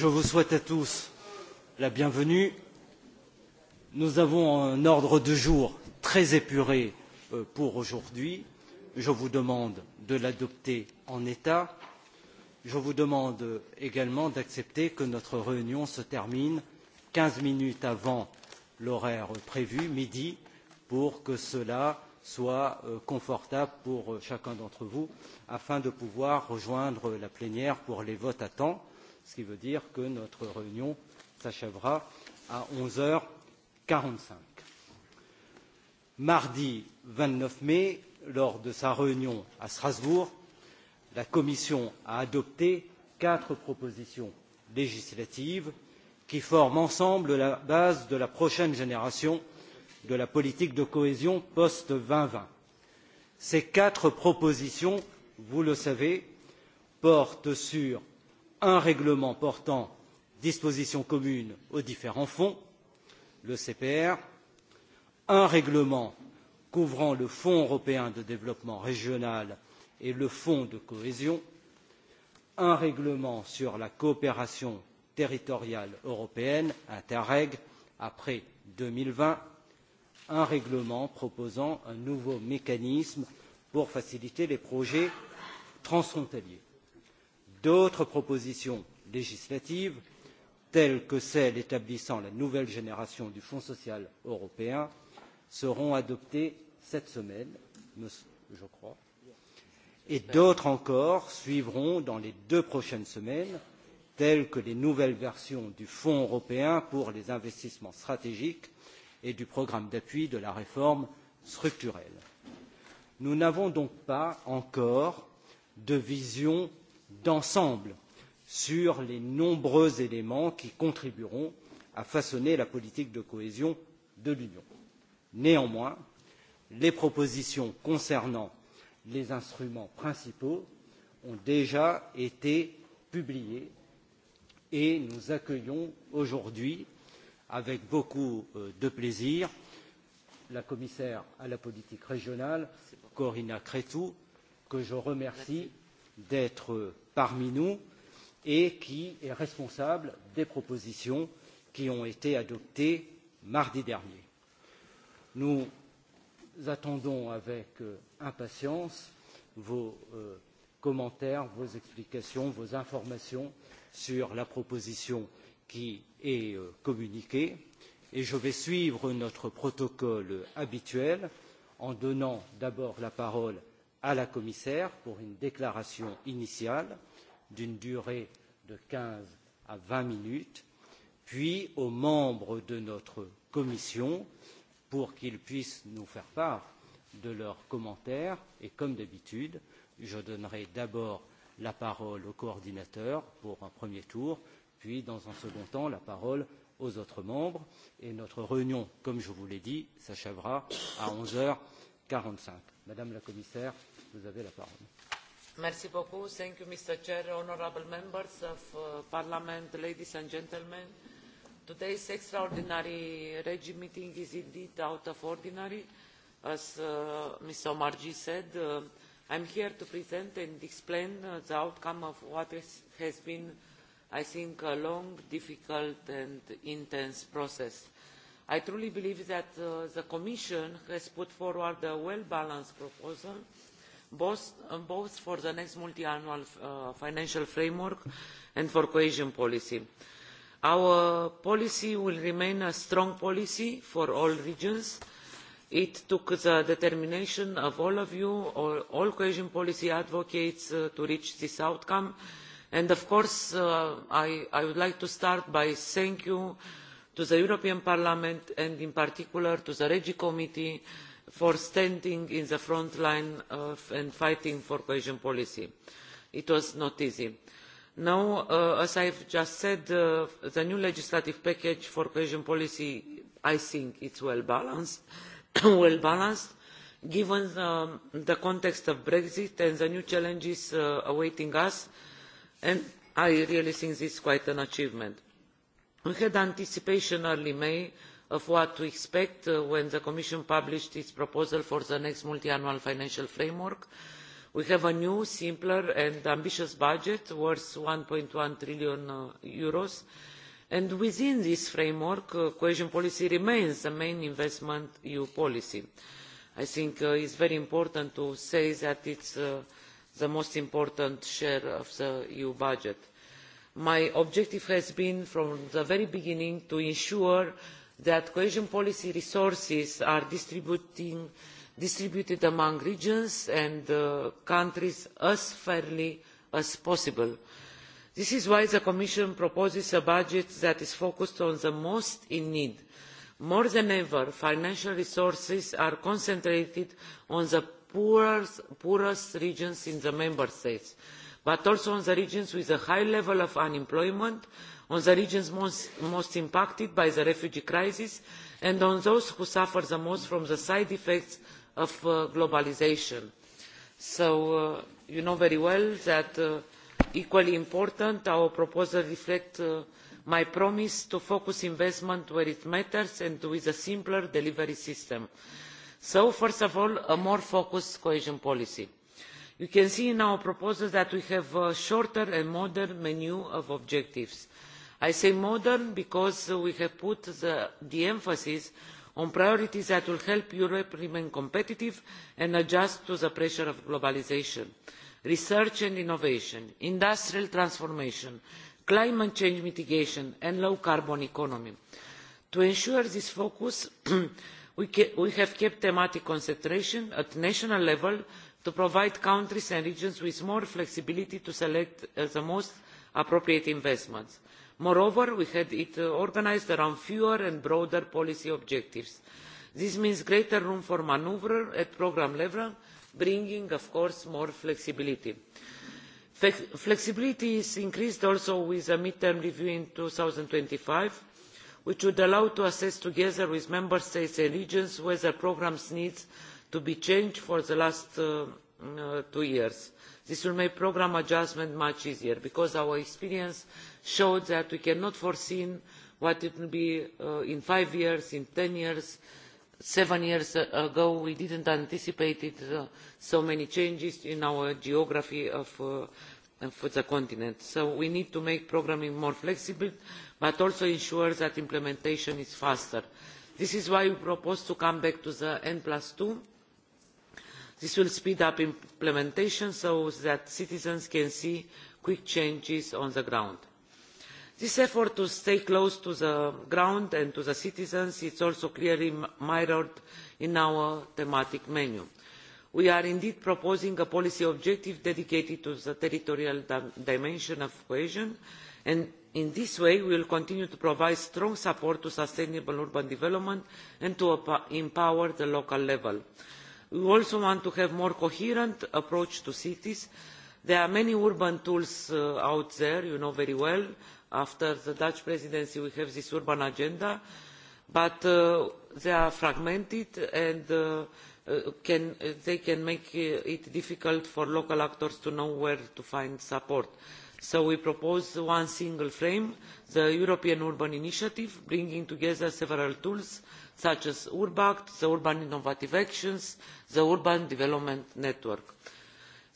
je vous souhaite à tous la bienvenue. Nous avons un ordre de jour très épuré euh, pour aujourd'hui. Je vous demande de l'adopter en état. Je vous demande également d'accepter que notre réunion se termine 15 minutes avant l'horaire prévu, midi, pour que cela soit euh, confortable pour euh, chacun d'entre vous afin de pouvoir rejoindre la plénière pour les votes à temps ce qui veut dire que notre réunion s'achèvera à 11h45. Mardi 29 mai, lors de sa réunion à Strasbourg, la Commission a adopté quatre propositions législatives qui forment ensemble la base de la prochaine génération de la politique de cohésion post deux mille vingt ces quatre propositions vous le savez portent sur un règlement portant dispositions communes aux différents fonds le cpr un règlement couvrant le fonds européen de développement régional et le fonds de cohésion un règlement sur la coopération territoriale européenne interreg après deux mille vingt un règlement proposant un nouveau mécanisme pour faciliter les projets transfrontaliers d'autres propositions législatives telles que celle établissant la nouvelle génération du fonds social européen seront adoptées cette semaine je crois et d'autres encore suivront dans les deux prochaines semaines telles que les nouvelles versions du fonds européen pour les investissements stratégiques et du programme d'appui de la réforme structurelle. nous n'avons donc pas encore de vision d'ensemble sur les nombreux éléments qui contribueront à façonner la politique de cohésion de l'union. néanmoins les propositions concernant les instruments principaux ont déjà été publiées et nous accueillons aujourd'hui avec beaucoup euh, de plaisir la commissaire à la politique régionale corina creu que je remercie d'être parmi nous et qui est responsable des propositions qui ont été adoptées mardi dernier. Nous attendons avec euh, impatience vos euh, commentaires, vos explications, vos informations sur la proposition qui est euh, communiquée et je vais suivre notre protocole habituel en donnant d'abord la parole à la commissaire pour une déclaration initiale d'une durée de quinze à vingt minutes puis aux membres de notre commission pour qu'ils puissent nous faire part de leurs commentaires et comme d'habitude je donnerai d'abord la parole au coordinateur pour un premier tour puis dans un second temps la parole aux autres membres et notre réunion comme je vous l'ai dit s'achèvera à onze heures quarante cinq. madame la commissaire Vous avez la parole. Merci beaucoup. Thank you, Mr. Chair, honorable members of uh, Parliament, ladies and gentlemen. Today's extraordinary regime meeting is indeed out of ordinary. As uh, Ms. Omarji said, uh, I'm here to present and explain uh, the outcome of what is, has been, I think, a long, difficult and intense process. I truly believe that uh, the Commission has put forward a well-balanced proposal uh, both, both for the next multiannual uh, financial framework and for cohesion policy. Our policy will remain a strong policy for all regions. It took the determination of all of you, all, all cohesion policy advocates, uh, to reach this outcome. And of course, uh, I, I would like to start by thank you to the European Parliament and in particular to the Regi Committee uh, for standing in the front line of, and fighting for cohesion policy. It was not easy. Now, uh, as I've just said, uh, the new legislative package for cohesion policy, I think it's well balanced, well balanced, given the, the context of Brexit and the new challenges uh, awaiting us, and I really think this is quite an achievement. We had anticipation early May uh, of what to expect uh, when the commission published its proposal for the next multiannual financial framework we have a new simpler and ambitious budget worth eur. one one trillion uh, and within this framework uh, cohesion policy remains the main investment eu policy. i think uh, it is very important to say that it is uh, the most important share of the eu budget. my objective has been from the very beginning to ensure that cohesion policy resources are distributed among regions and uh, countries as fairly as possible. this is why the commission proposes a budget that is focused on the most in need. more than ever financial resources are concentrated on the poorest, poorest regions in the member states but also on the regions with a high level of unemployment on the regions most, most impacted by the refugee crisis and on those who suffer the most from the side effects of uh, globalisation. so uh, you know very well that uh, equally important our proposal reflects uh, my promise to focus investment where it matters and with a simpler delivery system. so first of all a more focused cohesion policy. you can see in our proposal that we have a shorter and modern menu of objectives i say modern because we have put the, the emphasis on priorities that will help europe remain competitive and adjust to the pressure of globalisation research and innovation industrial transformation climate change mitigation and a low carbon economy. to ensure this focus we, we have kept thematic concentration at national level to provide countries and regions with more flexibility to select uh, the most appropriate investments moreover we had it uh, organised around fewer and broader policy objectives. this means greater room for manoeuvre at programme level bringing of course more flexibility. flexibility is increased also with a mid term review in two thousand and twenty five which would allow us to assess together with member states and regions whether programmes need to be changed for the last uh, mm, uh, two years. this will make programme adjustment much easier because our experience showed that we cannot foresee what it will be uh, in five years in ten years seven years ago we did not anticipate uh, so many changes in our geography of, uh, of the continent so we need to make programming more flexible but also ensure that implementation is faster. this is why we propose to come back to the n two this will speed up implementation so that citizens can see quick changes on the ground this effort to stay close to the ground and to the citizens is also clearly mirrored in our thematic menu. we are indeed proposing a policy objective dedicated to the territorial dimension of cohesion and in this way we will continue to provide strong support to sustainable urban development and to empower the local level. we also want to have a more coherent approach to cities. there are many urban tools uh, out there you know very well after the dutch presidency we have this urban agenda but uh, they are fragmented and uh, uh can, uh, they can make uh, it difficult for local actors to know where to find support. so we propose one single frame the european urban initiative bringing together several tools such as urbact the urban innovative actions the urban development network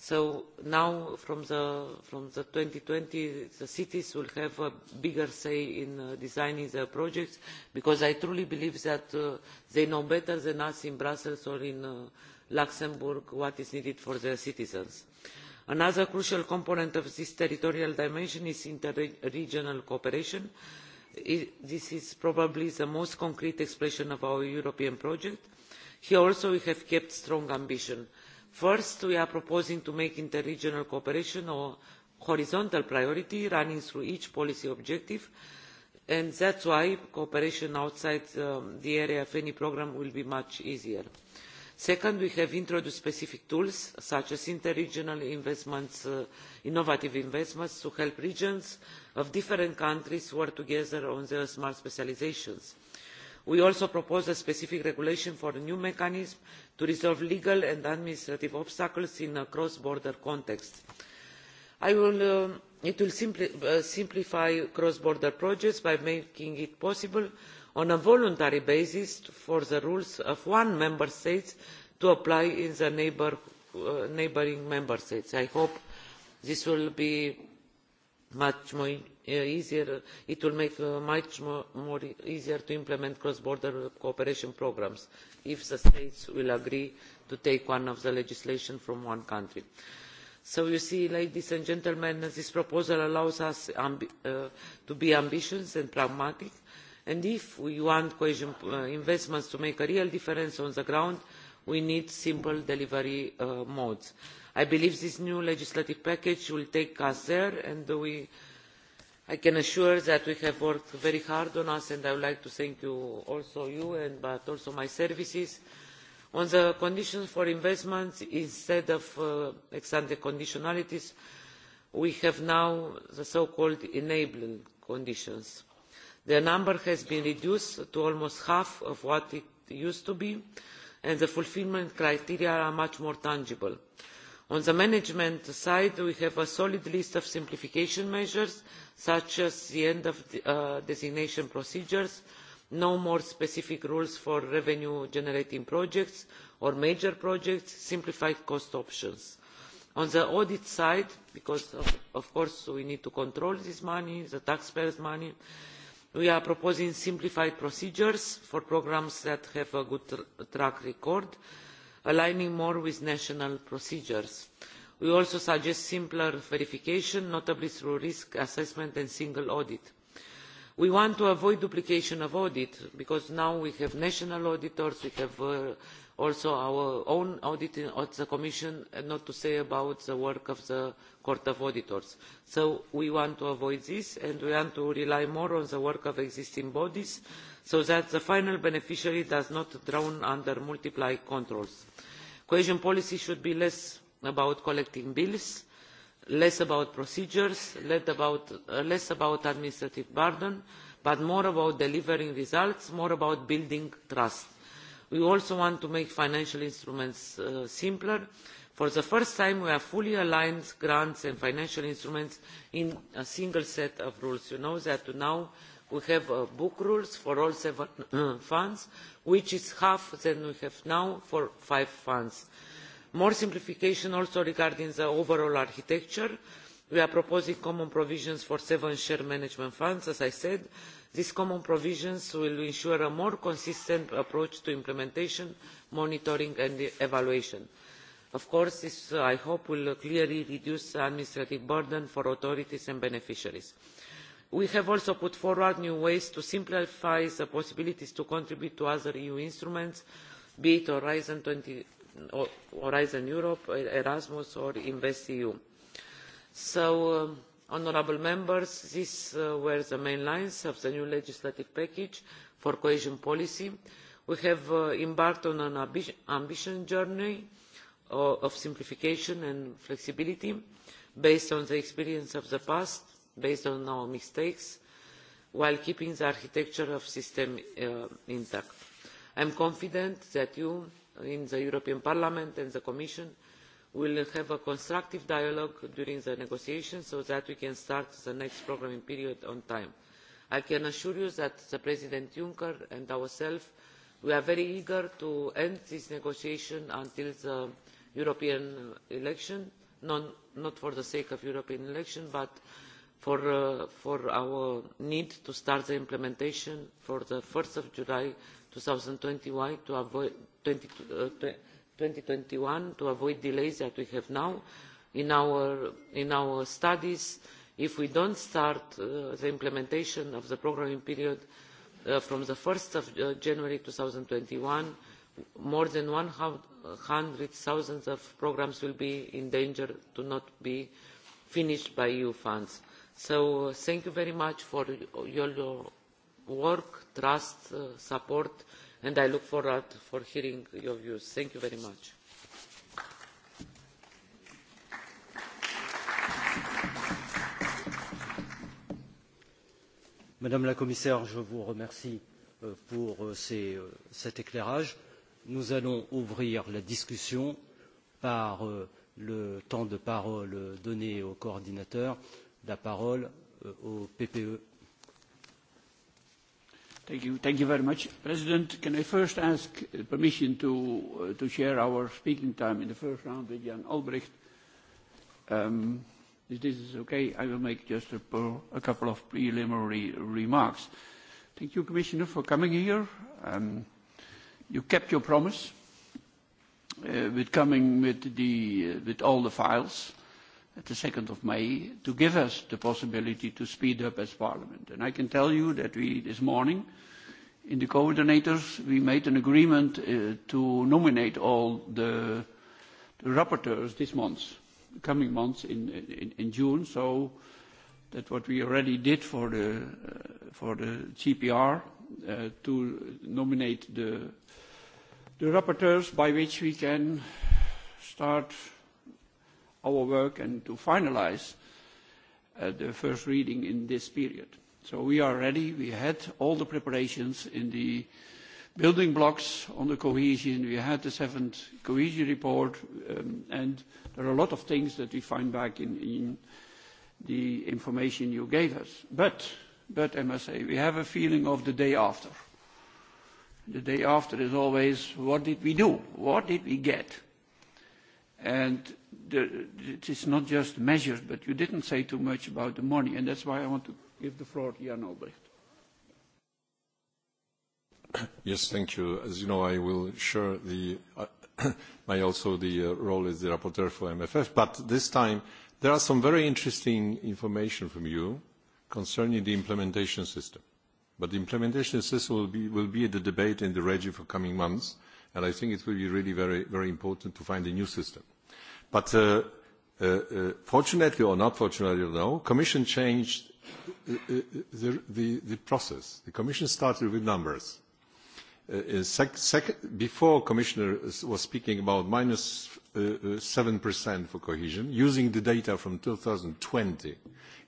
so now from the from the 2020 the cities will have a bigger say in uh, designing their projects because i truly believe that uh, they know better than us in brussels or in uh, luxembourg what is needed for their citizens another crucial component of this territorial dimension is inter regional cooperation it, this is probably the most concrete expression of our european project here also we have kept strong ambition first we are proposing to make interregional cooperation a horizontal priority running through each policy objective and that is why cooperation outside um, the area of any programme will be much easier. second we have introduced specific tools such as interregional investments uh, innovative investments to help regions of different countries work together on their smart specialisations we also propose a specific regulation for a new mechanism to resolve legal and administrative obstacles in a cross border context. Will, uh, it will simpli uh, simplify cross border projects by making it possible on a voluntary basis for the rules of one member state to apply in the neighbouring uh, member states. i hope this will be much more e-, easier it will make uh, much more, more easier to implement cross border uh, cooperation programmes if the states will agree to take one of the legislation from one country. so you see ladies and gentlemen this proposal allows us uh, to be ambitious and pragmatic and if we want cohesion uh, investments to make a real difference on the ground we need simple delivery uh, modes i believe this new legislative package will take us there and we, i can assure you that we have worked very hard on it and i would like to thank you also you and, but also my services on the conditions for investments instead of uh, ex ante conditionalities we have now the so called enabling conditions. their number has been reduced to almost half of what it used to be and the fulfilment criteria are much more tangible on the management side we have a solid list of simplification measures such as the end of the, uh, designation procedures no more specific rules for revenue generating projects or major projects simplified cost options. on the audit side because of, of course we need to control this money the taxpayers' money we are proposing simplified procedures for programmes that have a good tra track record and aligning more with national procedures. we also suggest simpler verification notably through risk assessment and single audit. we want to avoid duplication of audit because now we have national auditors we have uh, also our own audit uh, of the commission uh, not to say about the work of the court of auditors. so we want to avoid this and we want to rely more on the work of existing bodies so that the final beneficiary does not drown under multiple controls. cohesion policy should be less about collecting bills less about procedures less about, uh, less about administrative burden but more about delivering results more about building trust we also want to make financial instruments uh, simpler. for the first time we have fully aligned grants and financial instruments in a single set of rules. you know that now we have uh, book rules for all seven uh, funds which is half than we have now for five funds. more simplification also regarding the overall architecture we are proposing common provisions for seven share management funds as i said these common provisions will ensure a more consistent approach to implementation monitoring and evaluation. of course this uh, i hope will clearly reduce the administrative burden for authorities and beneficiaries. we have also put forward new ways to simplify the possibilities to contribute to other eu instruments be it horizon, 20, horizon europe e-, erasmus or investeu. so um, honourable members these uh, were the main lines of the new legislative package for cohesion policy. we have uh, embarked on an ambi ambitious journey uh, of simplification and flexibility based on the experience of the past based on our mistakes while keeping the architecture of the system uh, intact. i am confident that you in the european parliament and the commission we will have a constructive dialogue during the negotiations so that we can start the next programming period on time. i can assure you that president juncker and ourselves are very eager to end this negotiation until the european election non, not for the sake of the european election but for, uh, for our need to start the implementation for one july two thousand and twenty to avoid, 20, uh, twenty one to avoid delays that we have now in our, in our studies if we do not start uh, the implementation of the programming period uh, from one uh, january two thousand and twenty one more than one hundred zero of programmes will be in danger of not being finished by eu funds. so uh, thank you very much for all your work trust and uh, support and i look forward to hearing your views. thank you very much. madame la commissaire je vous remercie euh, pour euh, ces, euh, cet éclairage. nous allons ouvrir la discussion par le temps de parole donné aux coordinateurs la parole au ppe Thank you. Thank you very much. President, can I first ask permission to, uh, to share our speaking time in the first round with Jan Albrecht? Um, if this is okay, I will make just a, a couple of preliminary remarks. Thank you, Commissioner, for coming here. Um, you kept your promise uh, with coming with, the, uh, with all the files. Uh, at the 2nd of May to give us the possibility to speed up as Parliament. And I can tell you that we, this morning, in the coordinators, we made an agreement uh, to nominate all the, the rapporteurs this month, coming months in, in, in June, so that what we already did for the, uh, for the GPR uh, to nominate the, the rapporteurs by which we can start our work and to finalize uh, the first reading in this period. So we are ready. We had all the preparations in the building blocks on the cohesion. We had the seventh cohesion report, um, and there are a lot of things that we find back in, in the information you gave us. But, but I must say, we have a feeling of the day after. The day after is always, what did we do? What did we get? And the, it is not just measures, but you didn't say too much about the money, and that's why I want to give the floor to Jan Albrecht. Yes, thank you. As you know, I will share the, uh, my also the uh, role as the rapporteur for MFF, but this time there are some very interesting information from you concerning the implementation system. But the implementation system will be, will be the debate in the region for coming months, and I think it will be really very, very important to find a new system But uh, uh, uh, fortunately or not fortunately, I don't know, Commission changed uh, uh, the, the, the process. The Commission started with numbers. Uh, sec, sec, before Commissioner was speaking about minus uh, 7% uh, for cohesion, using the data from 2020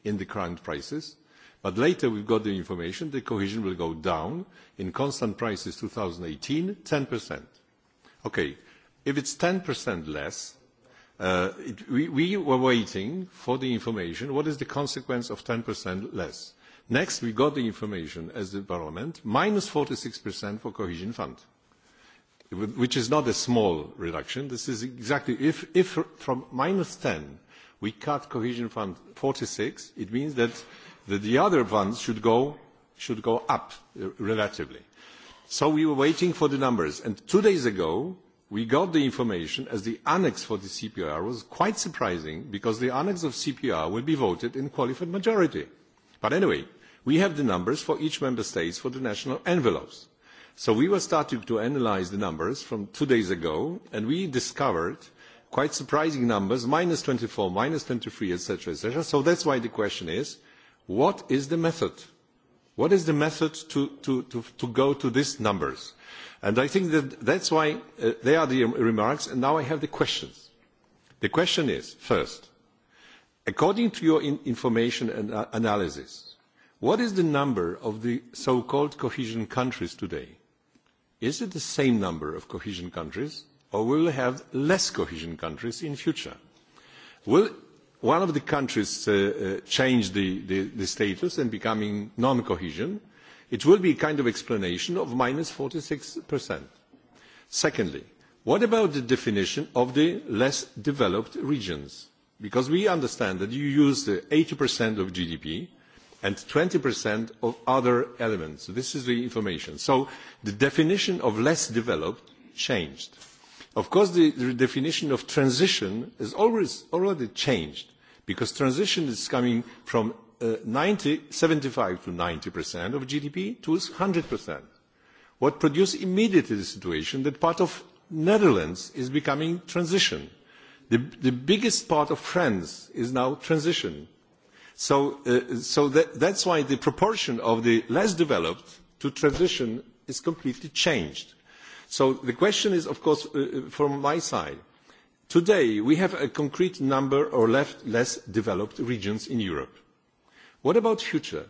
in the current prices. But later we've got the information that cohesion will go down in constant prices 2018, 10%. Okay, if it's 10% less, Uh, it, we, we were waiting for the information, what is the consequence of 10% less? Next, we got the information as the parliament, minus 46% for cohesion fund, which is not a small reduction. This is exactly, if, if from minus 10 we cut cohesion fund 46, it means that the, the other funds should go, should go up uh, relatively. So we were waiting for the numbers. And two days ago, we got the information as the annex for the CPR was quite surprising because the annex of CPR will be voted in qualified majority. But anyway, we have the numbers for each member states for the national envelopes. So we were starting to analyze the numbers from two days ago, and we discovered quite surprising numbers, minus 24, minus 23, etc., etc. So that's why the question is, what is the method? What is the method to, to, to, to go to these numbers? And I think that that's why uh, they are the remarks, and now I have the questions. The question is, first, according to your in information and uh, analysis, what is the number of the so-called cohesion countries today? Is it the same number of cohesion countries, or will we have less cohesion countries in future? Will one of the countries uh, uh, change the, the, the status and becoming non-cohesion, uh, It will be a kind of explanation of minus 46%. Secondly, what about the definition of the less developed regions? Because we understand that you use the 80% of GDP and 20% of other elements. This is the information. So the definition of less developed changed. Of course, the, the definition of transition is always already changed because transition is coming from uh, 90, 75 to 90 percent of GDP to 100 percent. What produced immediately the situation that part of Netherlands is becoming transition. The, the biggest part of France is now transition. So, uh, so that, that's why the proportion of the less developed to transition is completely changed. So the question is, of course, uh, uh from my side, today we have a concrete number of left, less developed regions in Europe What about future?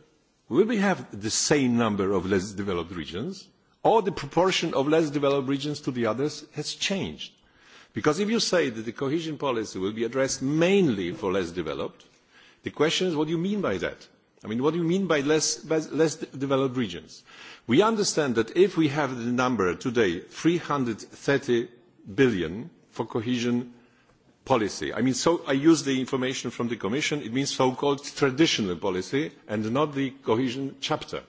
Will we have the same number of less developed regions? Or the proportion of less developed regions to the others has changed? Because if you say that the cohesion policy will be addressed mainly for less developed, the question is what do you mean by that? I mean, what do you mean by less, by less developed regions? We understand that if we have the number today, 330 billion for cohesion policy. I mean, so I use the information from the Commission. It means so-called traditional policy and not the cohesion chapter.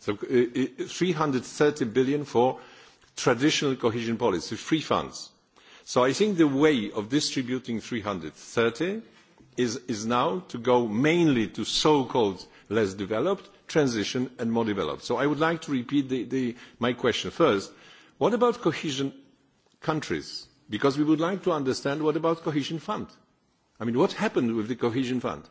So uh, 330 uh, billion for traditional cohesion policy, free funds. So I think the way of distributing 330 is, is now to go mainly to so-called less developed, transition and more developed. So I would like to repeat the, the, my question. First, what about cohesion countries? because we would like to understand what about cohesion fund? I mean, what happened with the cohesion fund?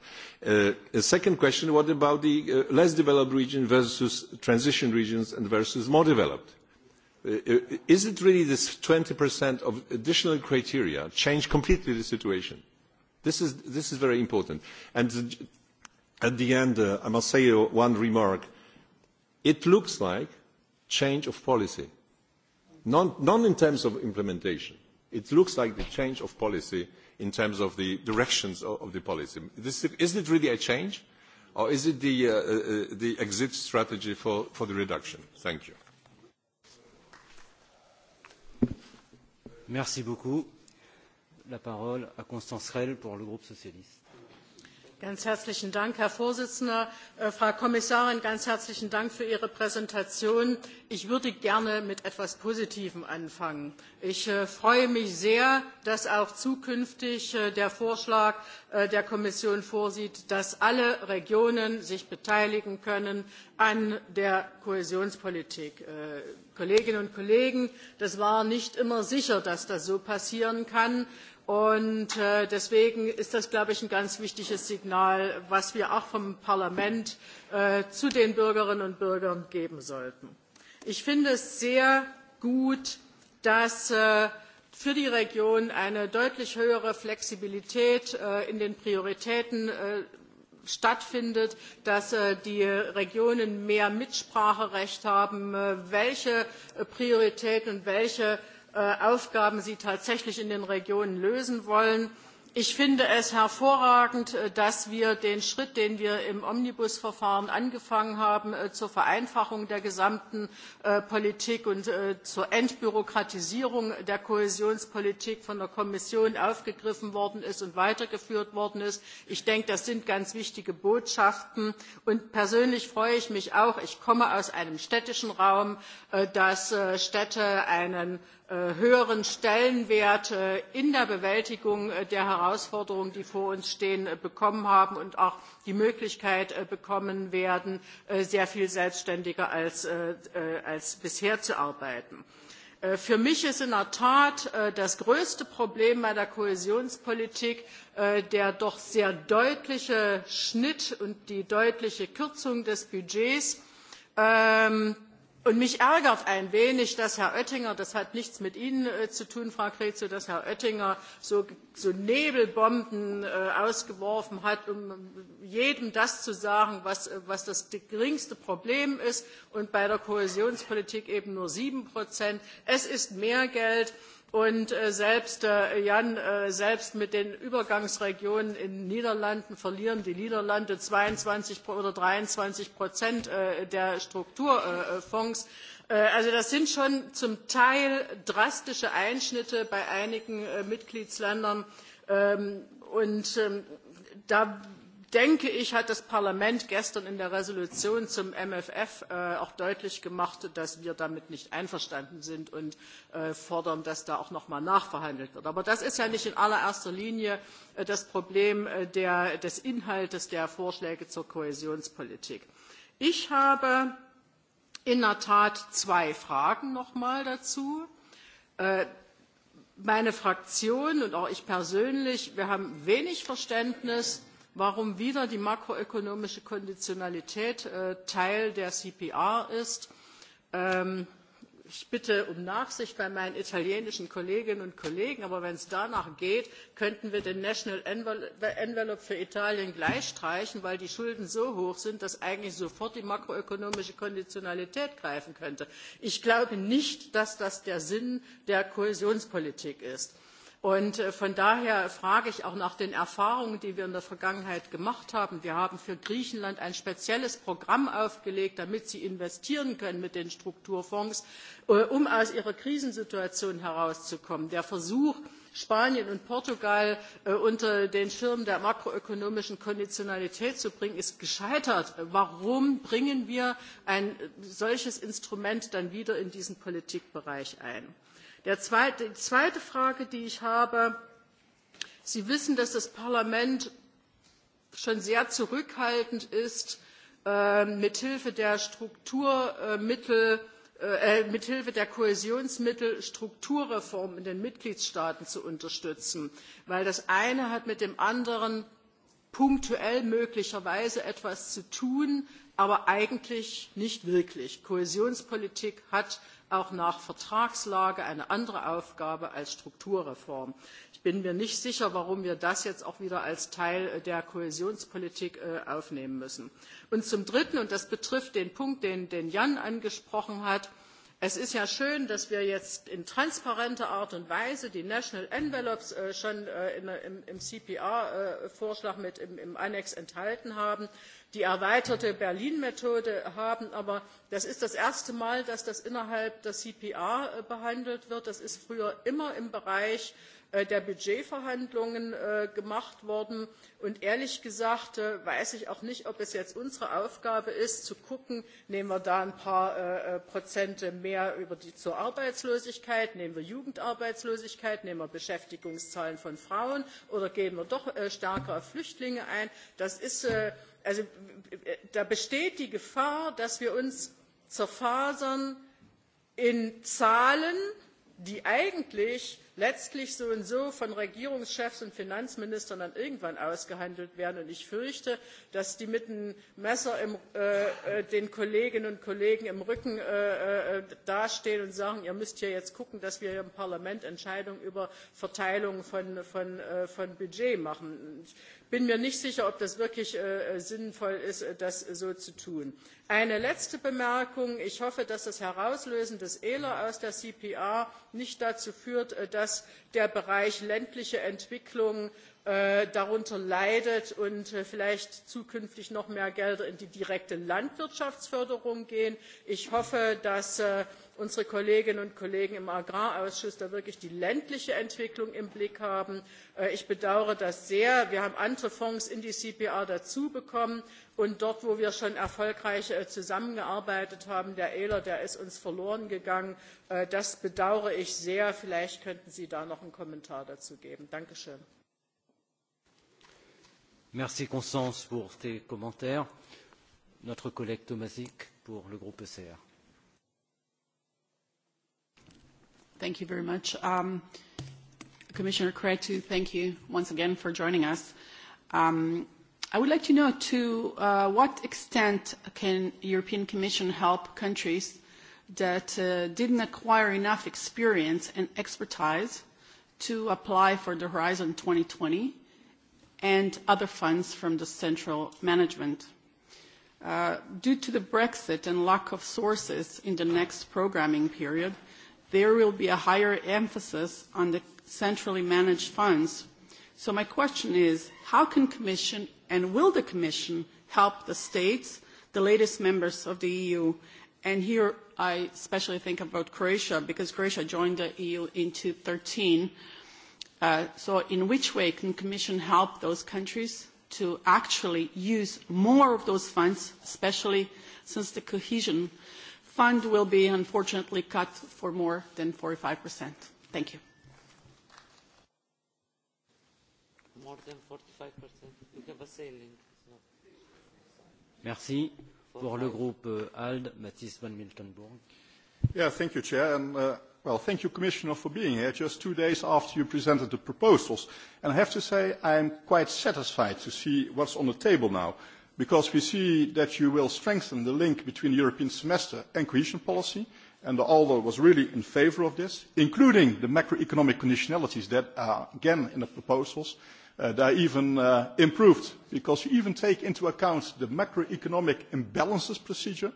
Uh, a second question, what about the uh, less developed region versus transition regions and versus more developed? Uh, uh is it really this 20% of additional criteria change completely the situation? This is, this is very important. And at the end, uh, I must say uh, one remark. It looks like change of policy, non, non in terms of implementation It looks like the change of policy in terms of the directions of, of the policy. This, is it really a change, or is it the, uh, uh, uh, the exit strategy for, for the reduction? Thank you. Merci beaucoup. La parole à Constance Rell pour le groupe socialiste. Ganz herzlichen Dank, Herr Vorsitzender. Äh, Frau Kommissarin, ganz herzlichen Dank für Ihre Präsentation. Ich würde gerne mit etwas Positivem anfangen. Ich äh, freue mich sehr, dass auch zukünftig äh, der Vorschlag äh, der Kommission vorsieht, dass alle Regionen sich beteiligen können an der Kohäsionspolitik. Äh, Kolleginnen und Kollegen, das war nicht immer sicher, dass das so passieren kann. Äh, Und äh, deswegen ist das, glaube ich, ein ganz wichtiges Signal, was wir auch vom Parlament äh, zu den Bürgerinnen und Bürgern geben sollten. Ich finde es sehr gut, dass äh, für die Region eine deutlich höhere Flexibilität äh, in den Prioritäten äh, stattfindet, dass äh, die Regionen mehr Mitspracherecht haben, äh, welche äh, Prioritäten und welche äh, Äh, Aufgaben sie tatsächlich in den Regionen lösen wollen. Ich finde es hervorragend, äh, dass wir den Schritt, den wir im Omnibusverfahren angefangen haben, äh, zur Vereinfachung der gesamten Politik und zur Entbürokratisierung der Kohäsionspolitik von der Kommission aufgegriffen worden ist und weitergeführt worden ist. Ich denke, das sind ganz wichtige Botschaften. Und persönlich freue ich mich auch, ich komme aus einem städtischen Raum, dass Städte einen Äh, höheren Stellenwert äh, in der Bewältigung äh, der Herausforderungen, die vor uns stehen, bekommen haben und auch die Möglichkeit bekommen werden, sehr viel selbstständiger als, als bisher zu arbeiten. Für mich ist in der Tat das größte Problem bei der Kohäsionspolitik der doch sehr deutliche Schnitt und die deutliche Kürzung des Budgets ähm, Und mich ärgert ein wenig, dass Herr Oettinger, das hat nichts mit Ihnen äh, zu tun, Frau Kretzow, dass Herr Oettinger so, so Nebelbomben äh, ausgeworfen hat, um jedem das zu sagen, was, äh, was das geringste Problem ist und bei der Kohäsionspolitik eben nur sieben Prozent. Es ist mehr Geld. Äh, Und äh, selbst, äh, Jan, äh, selbst mit den Übergangsregionen in den Niederlanden verlieren die Niederlande 22 oder 23 Prozent äh, der Strukturfonds. Äh, äh, also das sind schon zum Teil drastische Einschnitte bei einigen äh, Mitgliedsländern. Ähm, und ähm, da denke ich, hat das Parlament gestern in der Resolution zum MFF äh, auch deutlich gemacht, dass wir damit nicht einverstanden sind und äh, fordern, dass da auch nochmal nachverhandelt wird. Aber das ist ja nicht in allererster Linie äh, das Problem äh, der, des Inhaltes der Vorschläge zur Kohäsionspolitik. Ich habe in der Tat zwei Fragen nochmal dazu. Äh, meine Fraktion und auch ich persönlich, wir haben wenig Verständnis warum wieder die makroökonomische Konditionalität äh, Teil der CPR ist. Ähm, ich bitte um Nachsicht bei meinen italienischen Kolleginnen und Kollegen, aber wenn es danach geht, könnten wir den National Envelope für Italien gleich streichen, weil die Schulden so hoch sind, dass eigentlich sofort die makroökonomische Konditionalität greifen könnte. Ich glaube nicht, dass das der Sinn der Kohäsionspolitik ist Und äh, von daher frage ich auch nach den Erfahrungen, die wir in der Vergangenheit gemacht haben. Wir haben für Griechenland ein spezielles Programm aufgelegt, damit sie investieren können mit den Strukturfonds, äh, um aus ihrer Krisensituation herauszukommen. Der Versuch, Spanien und Portugal äh, unter den Schirm der makroökonomischen Konditionalität zu bringen, ist gescheitert. Warum bringen wir ein solches Instrument dann wieder in diesen Politikbereich ein? Der zweite, die zweite Frage, die ich habe, Sie wissen, dass das Parlament schon sehr zurückhaltend ist, äh, mithilfe der Strukturmittel, äh, äh mithilfe der Kohäsionsmittel Strukturreformen in den Mitgliedstaaten zu unterstützen, weil das eine hat mit dem anderen punktuell möglicherweise etwas zu tun, aber eigentlich nicht wirklich. kohäsionspolitik hat auch nach vertragslage eine andere aufgabe als strukturreform. ich bin mir nicht sicher warum wir das jetzt auch wieder als teil äh, der kohäsionspolitik äh, aufnehmen müssen. und zum dritten und das betrifft den punkt den, den jan angesprochen hat es ist ja schön dass wir jetzt in transparenter art und weise die national envelopes äh, schon im cpr vorschlag mit im annex enthalten haben die erweiterte berlin methode haben aber das ist das erste mal dass das innerhalb der cpa äh, behandelt wird das ist früher immer im bereich Äh, der budgetverhandlungen äh, gemacht worden. Und ehrlich gesagt äh, weiß ich auch nicht, ob es jetzt unsere Aufgabe ist, zu gucken, nehmen wir da ein paar Prozente mehr über die, zur Arbeitslosigkeit, nehmen wir Jugendarbeitslosigkeit, nehmen wir Beschäftigungszahlen von Frauen oder geben wir doch stärker auf Flüchtlinge ein. Das ist, also, da besteht die Gefahr, dass wir uns zerfasern in Zahlen, die eigentlich letztlich so und so von regierungschefs und finanzministern dann irgendwann ausgehandelt werden. Und ich fürchte, dass die mit einem Messer im, äh, äh, den Kolleginnen und Kollegen im Rücken äh, äh, dastehen und sagen, ihr müsst hier jetzt gucken, dass wir hier im Parlament Entscheidungen über Verteilung von, von, äh, von Budget machen. Ich bin mir nicht sicher, ob das wirklich äh, äh sinnvoll ist, das so zu tun. Eine letzte Bemerkung. Ich hoffe, dass das Herauslösen des ELA aus der CPR nicht dazu führt, dass dass der bereich ländliche entwicklung äh, darunter leidet und äh, vielleicht zukünftig noch mehr gelder in die direkte landwirtschaftsförderung gehen. ich hoffe dass äh, unsere kolleginnen und kollegen im agrarausschuss da wirklich die ländliche entwicklung im blick haben. ich bedauere das sehr. wir haben andere fonds in die cpr dazubekommen und dort wo wir schon erfolgreich äh, zusammengearbeitet haben der ehler der ist uns verloren gegangen äh, das bedauere ich sehr. vielleicht könnten sie da noch einen kommentar dazu geben. danke schön. merci constance pour tes commentaires. notre collègue tomainik pour le groupe ecr. thank you very much. Um, commissioner cretu, thank you once again for joining us. Um, I would like to know to uh, what extent can European Commission help countries that uh, didn't acquire enough experience and expertise to apply for the Horizon 2020 and other funds from the central management. Uh, due to the Brexit and lack of sources in the next programming period, there will be a higher emphasis on the centrally managed funds. So my question is, how can Commission and will the Commission help the states, the latest members of the EU? And here I especially think about Croatia because Croatia joined the EU in 2013. Uh, so in which way can Commission help those countries to actually use more of those funds, especially since the cohesion fund will be unfortunately cut for more than 45%? Thank you. more than 45%. You have a ceiling. No. Merci. For Pour five. le groupe uh, ALDE, Mathis van Miltenburg. Yeah, thank you, Chair. And, uh, well, thank you, Commissioner, for being here just two days after you presented the proposals. And I have to say I am quite satisfied to see what's on the table now, because we see that you will strengthen the link between the European semester and cohesion policy, and the ALDO was really in favor of this, including the macroeconomic conditionalities that are again in the proposals. Uh, Uh, they even uh, improved because you even take into account the macroeconomic imbalances procedure.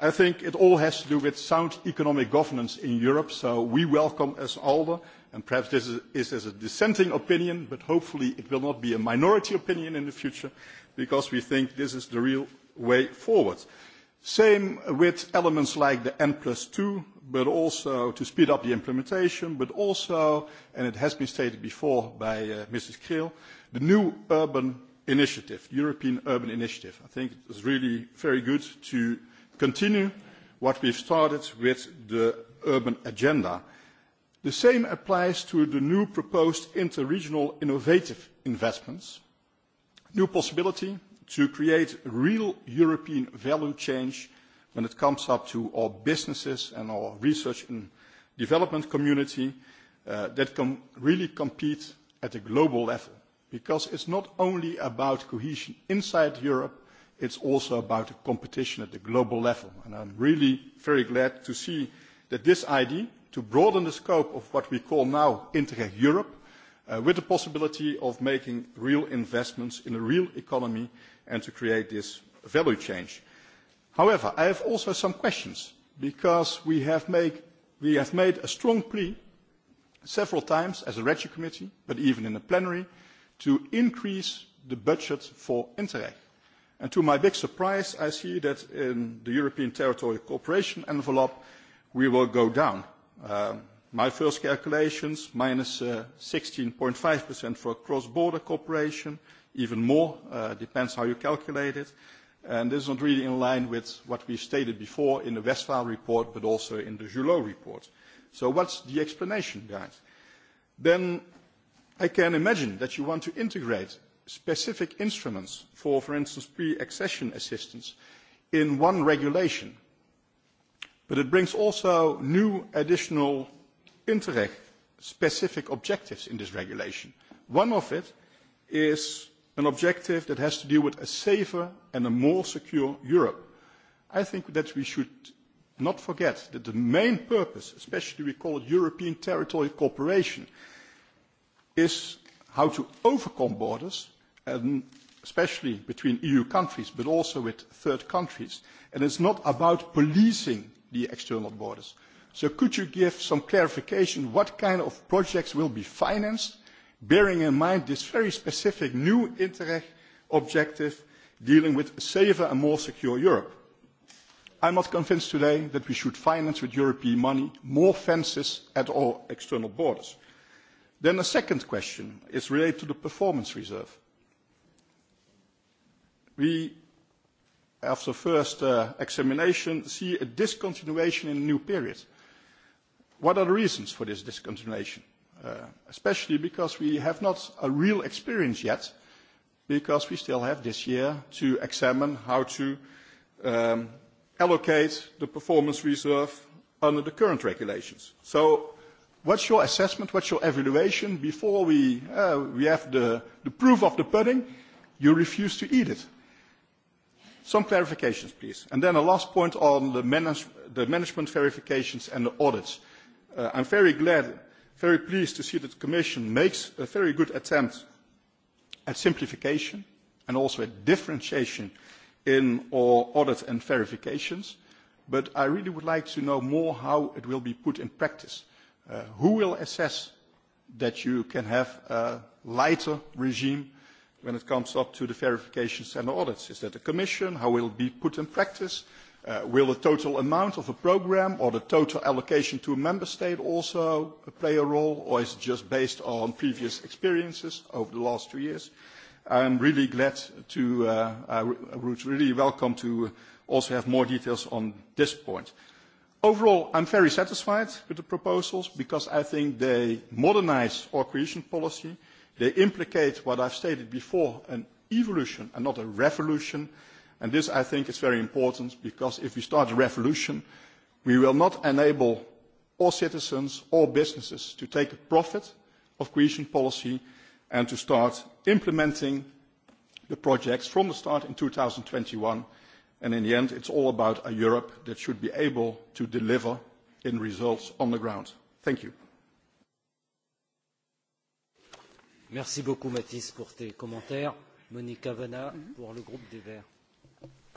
I think it all has to do with sound economic governance in Europe, so we welcome as ALDE, and perhaps this is, is as a dissenting opinion, but hopefully it will not be a minority opinion in the future, because we think this is the real way forward. Uh, Same with elements like the N plus 2, but also to speed up the implementation, but also, and it has been stated before by uh, Mrs. Creel, the new urban initiative, European Urban Initiative. I think it is really very good to continue what we've started with the urban agenda. The same applies to the new proposed interregional innovative investments. New possibility, to create real European value change when it comes up to our businesses and our research and development community uh, that can really compete at a global level. Because it's not only about cohesion inside Europe, it's also about the competition at the global level. And I'm really very glad to see that this idea, to broaden the scope of what we call now Interreg Europe, uh, with the possibility of making real investments in a real economy and to create this value change. However, I have also some questions because we have, make, we have made a strong plea several times as a REGI committee, but even in the plenary, to increase the budget for Interreg. And to my big surprise, I see that in the European Territorial Cooperation envelope, we will go down. Um, my first calculations, minus uh, 16.5% for cross-border cooperation, even more. Uh, depends how you calculate it. And this is not really in line with what we stated before in the Westphal report, but also in the Julot report. So what's the explanation, guys? Then I can imagine that you want to integrate specific instruments for, for instance, pre-accession assistance in one regulation. But it brings also new additional Interreg specific objectives in this regulation. One of it is an objective that has to do with a safer and a more secure Europe. I think that we should not forget that the main purpose, especially we call it European territorial cooperation, is how to overcome borders, and especially between EU countries, but also with third countries. And it's not about policing the external borders. So could you give some clarification what kind of projects will be financed bearing in mind this very specific new Interreg objective dealing with a safer and more secure Europe. I'm not convinced today that we should finance with European money more fences at all external borders. Then the second question is related to the performance reserve. We, after first uh, examination, see a discontinuation in a new period. What are the reasons for this discontinuation? uh, especially because we have not a real experience yet, because we still have this year to examine how to um, allocate the performance reserve under the current regulations. So what's your assessment, what's your evaluation before we, uh, we have the, the proof of the pudding, you refuse to eat it? Some clarifications, please. And then a last point on the, manage the management verifications and the audits. Uh, I'm very glad very pleased to see that the Commission makes a very good attempt at simplification and also at differentiation in our audit and verifications. But I really would like to know more how it will be put in practice. Uh, who will assess that you can have a lighter regime when it comes up to the verifications and audits? Is that the Commission? How will it be put in practice? Uh, Uh, will the total amount of a program or the total allocation to a member state also play a role, or is it just based on previous experiences over the last two years? I'm really glad to, uh, I would really welcome to also have more details on this point. Overall, I'm very satisfied with the proposals because I think they modernize our cohesion policy. They implicate what I've stated before, an evolution and not a revolution, uh, And this, I think, is very important because if we start a revolution, we will not enable all citizens, all businesses to take a profit of cohesion policy and to start implementing the projects from the start in 2021. And in the end, it's all about a Europe that should be able to deliver in results on the ground. Thank you. Merci beaucoup, Mathis, pour tes commentaires. Monica Vanna, mm -hmm. pour le groupe des Verts.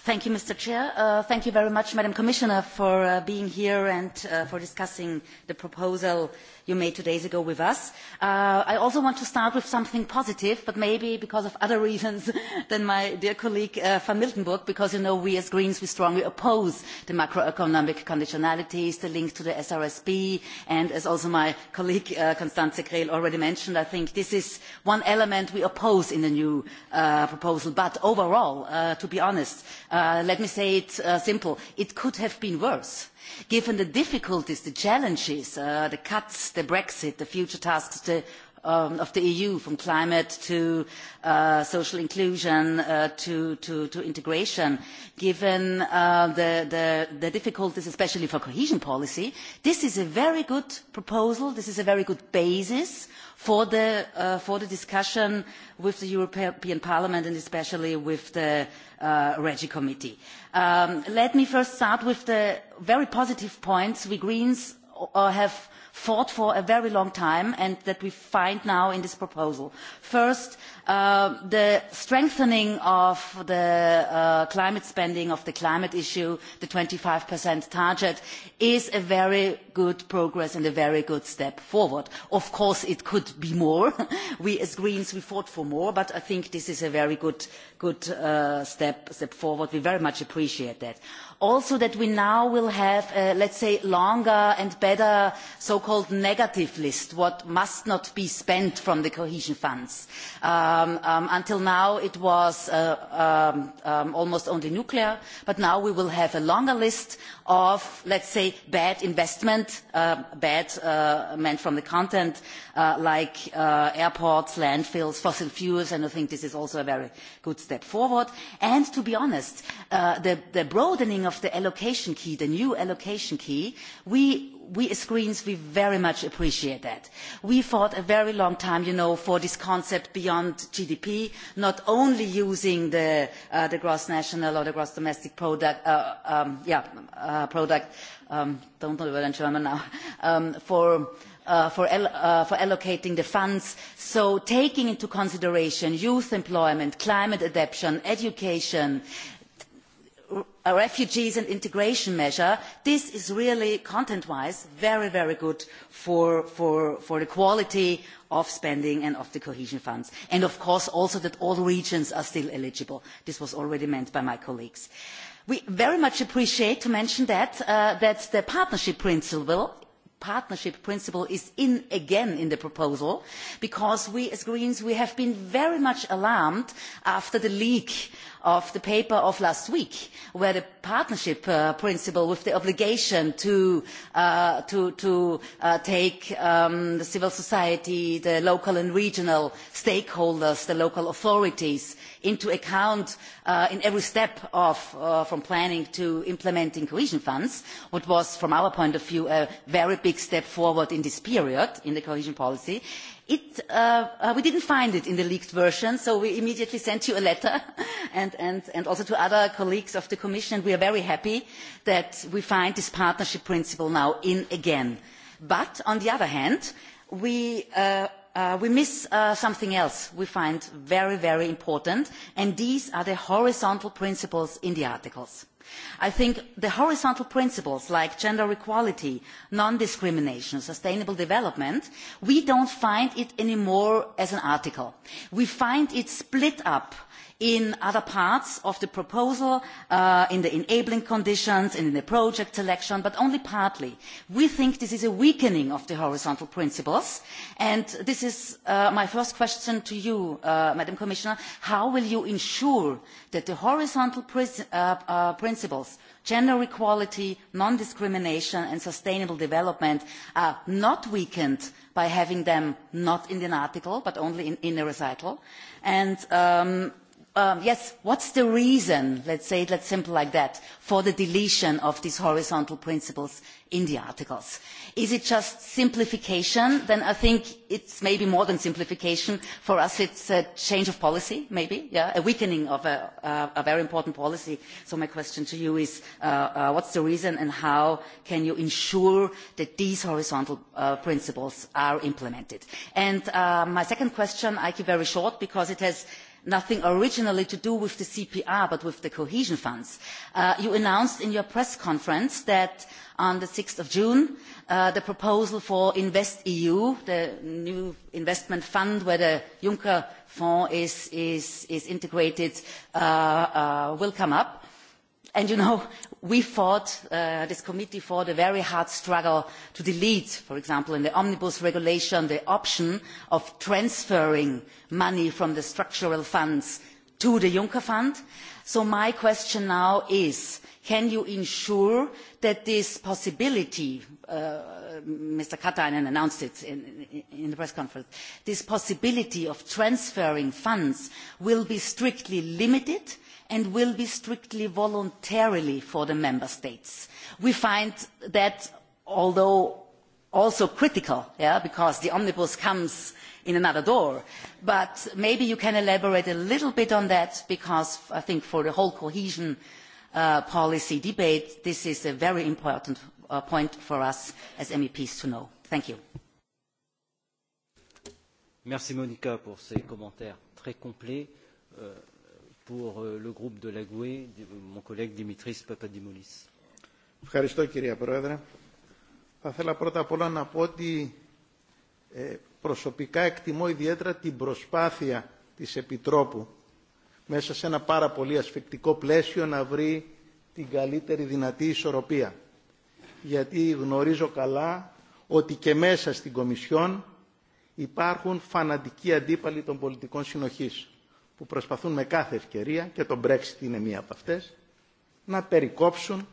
Thank you, Mr. Chair. Uh, thank you very much, Madam Commissioner, for uh, being here and uh, for discussing the proposal you made two days ago with us. Uh, I also want to start with something positive, but maybe because of other reasons than my dear colleague uh, van Miltenburg, because you know we as Greens, we strongly oppose the macroeconomic conditionalities, the link to the SRSB, and as also my colleague uh, Constanze Krell already mentioned, I think this is one element we oppose in the new uh, proposal. But overall, uh, to be honest, Uh, let me say it uh, simple. It could have been worse. Given the difficulties, the challenges, uh, the cuts, the Brexit, the future tasks, the um, of the EU, from climate to uh, social inclusion uh, to, to, to integration, given uh, the, the, the difficulties, especially for cohesion policy, this is a very good proposal. This is a very good basis for the, uh, for the discussion with the European Parliament and especially with the uh, Regi Committee. Um, let me first start with the very positive points we Greens uh, have fought for a very long time and that we find now in this proposal. First, uh, the strengthening of the uh, climate spending of the climate issue, the 25% target, is a very good progress and a very good step forward. Of course, it could be more. we as Greens, we fought for more, but I think this is a very good, good uh, step, step forward. We very much appreciate that also that we now will have, uh, let's say, longer and better so-called negative list, what must not be spent from the cohesion funds. Um, um, until now it was uh, um, um, almost only nuclear, but now we will have a longer list of, let's say, bad investment, uh, bad uh, meant from the content, uh, like uh, airports, landfills, fossil fuels, and I think this is also a very good step forward. And to be honest, uh, the, the broadening of the allocation key, the new allocation key, we, we as Greens, we very much appreciate that. We fought a very long time, you know, for this concept beyond GDP, not only using the, uh, the gross national or the gross domestic product, uh, um, yeah, uh, product, um, don't know the word in German now, um, for, Uh, for, uh, for allocating the funds so taking into consideration youth employment climate adaptation education a refugees and integration measure this is really content wise very very good for, for, for the quality of spending and of the cohesion funds and of course also that all regions are still eligible this was already meant by my colleagues we very much appreciate to mention that uh, that the partnership principle partnership principle is in again in the proposal because we as greens we have been very much alarmed after the leak uh, of the paper of last week, where the partnership uh, principle with the obligation to, uh, to, to uh, take um, the civil society, the local and regional stakeholders, the local authorities into account uh, in every step of, uh, from planning to implementing cohesion funds, what was, from our point of view, a very big step forward in this period in the cohesion policy. Uh, it, uh, uh, we didn't find it in the leaked version, so we immediately sent you a letter and, and, and also to other colleagues of the Commission. We are very happy that we find this partnership principle now in again. But on the other hand, we, uh, uh, we miss uh, something else we find very, very important, and these are the horizontal principles in the articles I think the horizontal principles like gender equality, non-discrimination, sustainable development, we don't find it anymore as an article. We find it split up in other parts of the proposal, uh, in the enabling conditions, in the project selection, but only partly. We think this is a weakening of the horizontal principles, and this is uh, my first question to you, uh, Madam Commissioner. How will you ensure that the horizontal pris- uh, uh, principles gender equality non discrimination and sustainable development are not weakened by having them not in an article but only in, in a recital and um, um, yes, what's the reason, let's say it let's simple like that, for the deletion of these horizontal principles in the articles? Is it just simplification? Then I think it's maybe more than simplification. For us, it's a change of policy, maybe, yeah, a weakening of a, uh, a very important policy. So my question to you is, uh, uh, what's the reason and how can you ensure that these horizontal uh, principles are implemented? And uh, my second question, I keep very short because it has nothing originally to do with the CPR but with the cohesion funds. Uh, you announced in your press conference that on the 6th of June uh, the proposal for InvestEU, the new investment fund where the Juncker fund is, is, is integrated, uh, uh, will come up and you know we fought uh, this committee fought a very hard struggle to delete for example in the omnibus regulation the option of transferring money from the structural funds to the juncker fund so my question now is can you ensure that this possibility uh, mr katainen announced it in, in the press conference this possibility of transferring funds will be strictly limited uh, and will be strictly voluntarily for the member states. We find that although also critical, yeah, because the omnibus comes in another door. But maybe you can elaborate a little bit on that, because I think for the whole cohesion uh, policy debate, this is a very important uh, point for us as MEPs to know. Thank you. Merci Monica pour ces commentaires très complets. Euh, pour euh, le groupe de la GUE, mon collègue Dimitris Papadimoulis. Ευχαριστώ κυρία Πρόεδρε. Θα ήθελα πρώτα απ' όλα να πω ότι ε, προσωπικά εκτιμώ ιδιαίτερα την προσπάθεια της Επιτρόπου μέσα σε ένα πάρα πολύ ασφικτικό πλαίσιο να βρει την καλύτερη δυνατή ισορροπία. Γιατί γνωρίζω καλά ότι και μέσα στην Κομισιόν υπάρχουν φανατικοί αντίπαλοι των πολιτικών συνοχής που προσπαθούν με κάθε ευκαιρία, και το Brexit είναι μία από αυτές, να περικόψουν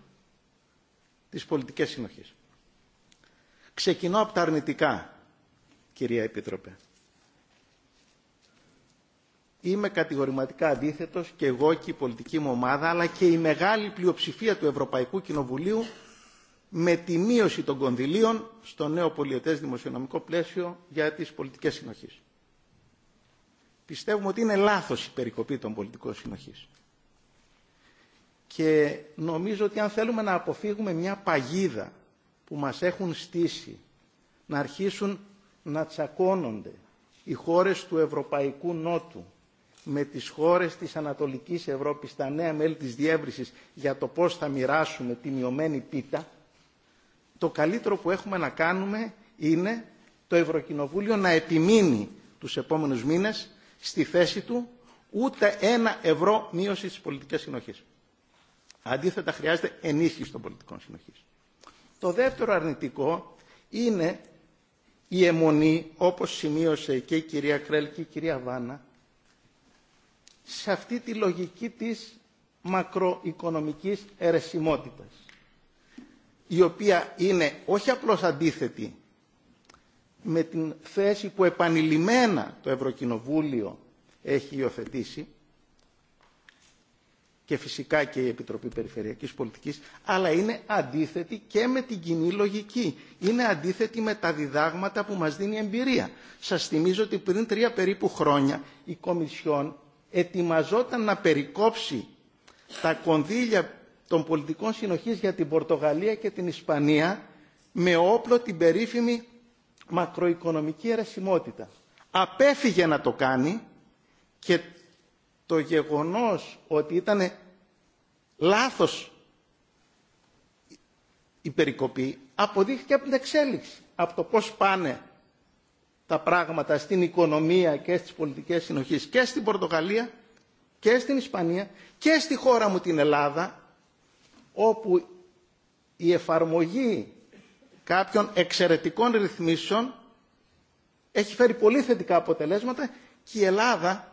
τις πολιτικές συνοχές. Ξεκινώ από τα αρνητικά, κυρία Επίτροπε. Είμαι κατηγορηματικά αντίθετος και εγώ και η πολιτική μου ομάδα, αλλά και η μεγάλη πλειοψηφία του Ευρωπαϊκού Κοινοβουλίου με τη μείωση των κονδυλίων στο νέο πολιετές δημοσιονομικό πλαίσιο για τις πολιτικές συνοχές. Πιστεύουμε ότι είναι λάθος η περικοπή των πολιτικών συνοχής. Και νομίζω ότι αν θέλουμε να αποφύγουμε μια παγίδα που μας έχουν στήσει, να αρχίσουν να τσακώνονται οι χώρες του Ευρωπαϊκού Νότου με τις χώρες της Ανατολικής Ευρώπης, τα νέα μέλη της διεύρυνσης για το πώς θα μοιράσουμε τη μειωμένη πίτα, το καλύτερο που έχουμε να κάνουμε είναι το Ευρωκοινοβούλιο να επιμείνει τους επόμενους μήνες στη θέση του ούτε ένα ευρώ μείωση της πολιτικής συνοχής. Αντίθετα χρειάζεται ενίσχυση των πολιτικών συνοχής. Το δεύτερο αρνητικό είναι η αιμονή, όπως σημείωσε και η κυρία Κρέλ και η κυρία Βάνα, σε αυτή τη λογική της μακροοικονομικής αιρεσιμότητας, η οποία είναι όχι απλώς αντίθετη με την θέση που επανειλημμένα το Ευρωκοινοβούλιο έχει υιοθετήσει και φυσικά και η Επιτροπή Περιφερειακής Πολιτικής, αλλά είναι αντίθετη και με την κοινή λογική. Είναι αντίθετη με τα διδάγματα που μας δίνει η εμπειρία. Σας θυμίζω ότι πριν τρία περίπου χρόνια η Κομισιόν ετοιμαζόταν να περικόψει τα κονδύλια των πολιτικών συνοχής για την Πορτογαλία και την Ισπανία με όπλο την περίφημη μακροοικονομική αιρεσιμότητα. Απέφυγε να το κάνει και το γεγονός ότι ήταν λάθος η περικοπή αποδείχθηκε από την εξέλιξη, από το πώς πάνε τα πράγματα στην οικονομία και στις πολιτικές συνοχής και στην Πορτογαλία και στην Ισπανία και στη χώρα μου την Ελλάδα όπου η εφαρμογή κάποιων εξαιρετικών ρυθμίσεων έχει φέρει πολύ θετικά αποτελέσματα και η Ελλάδα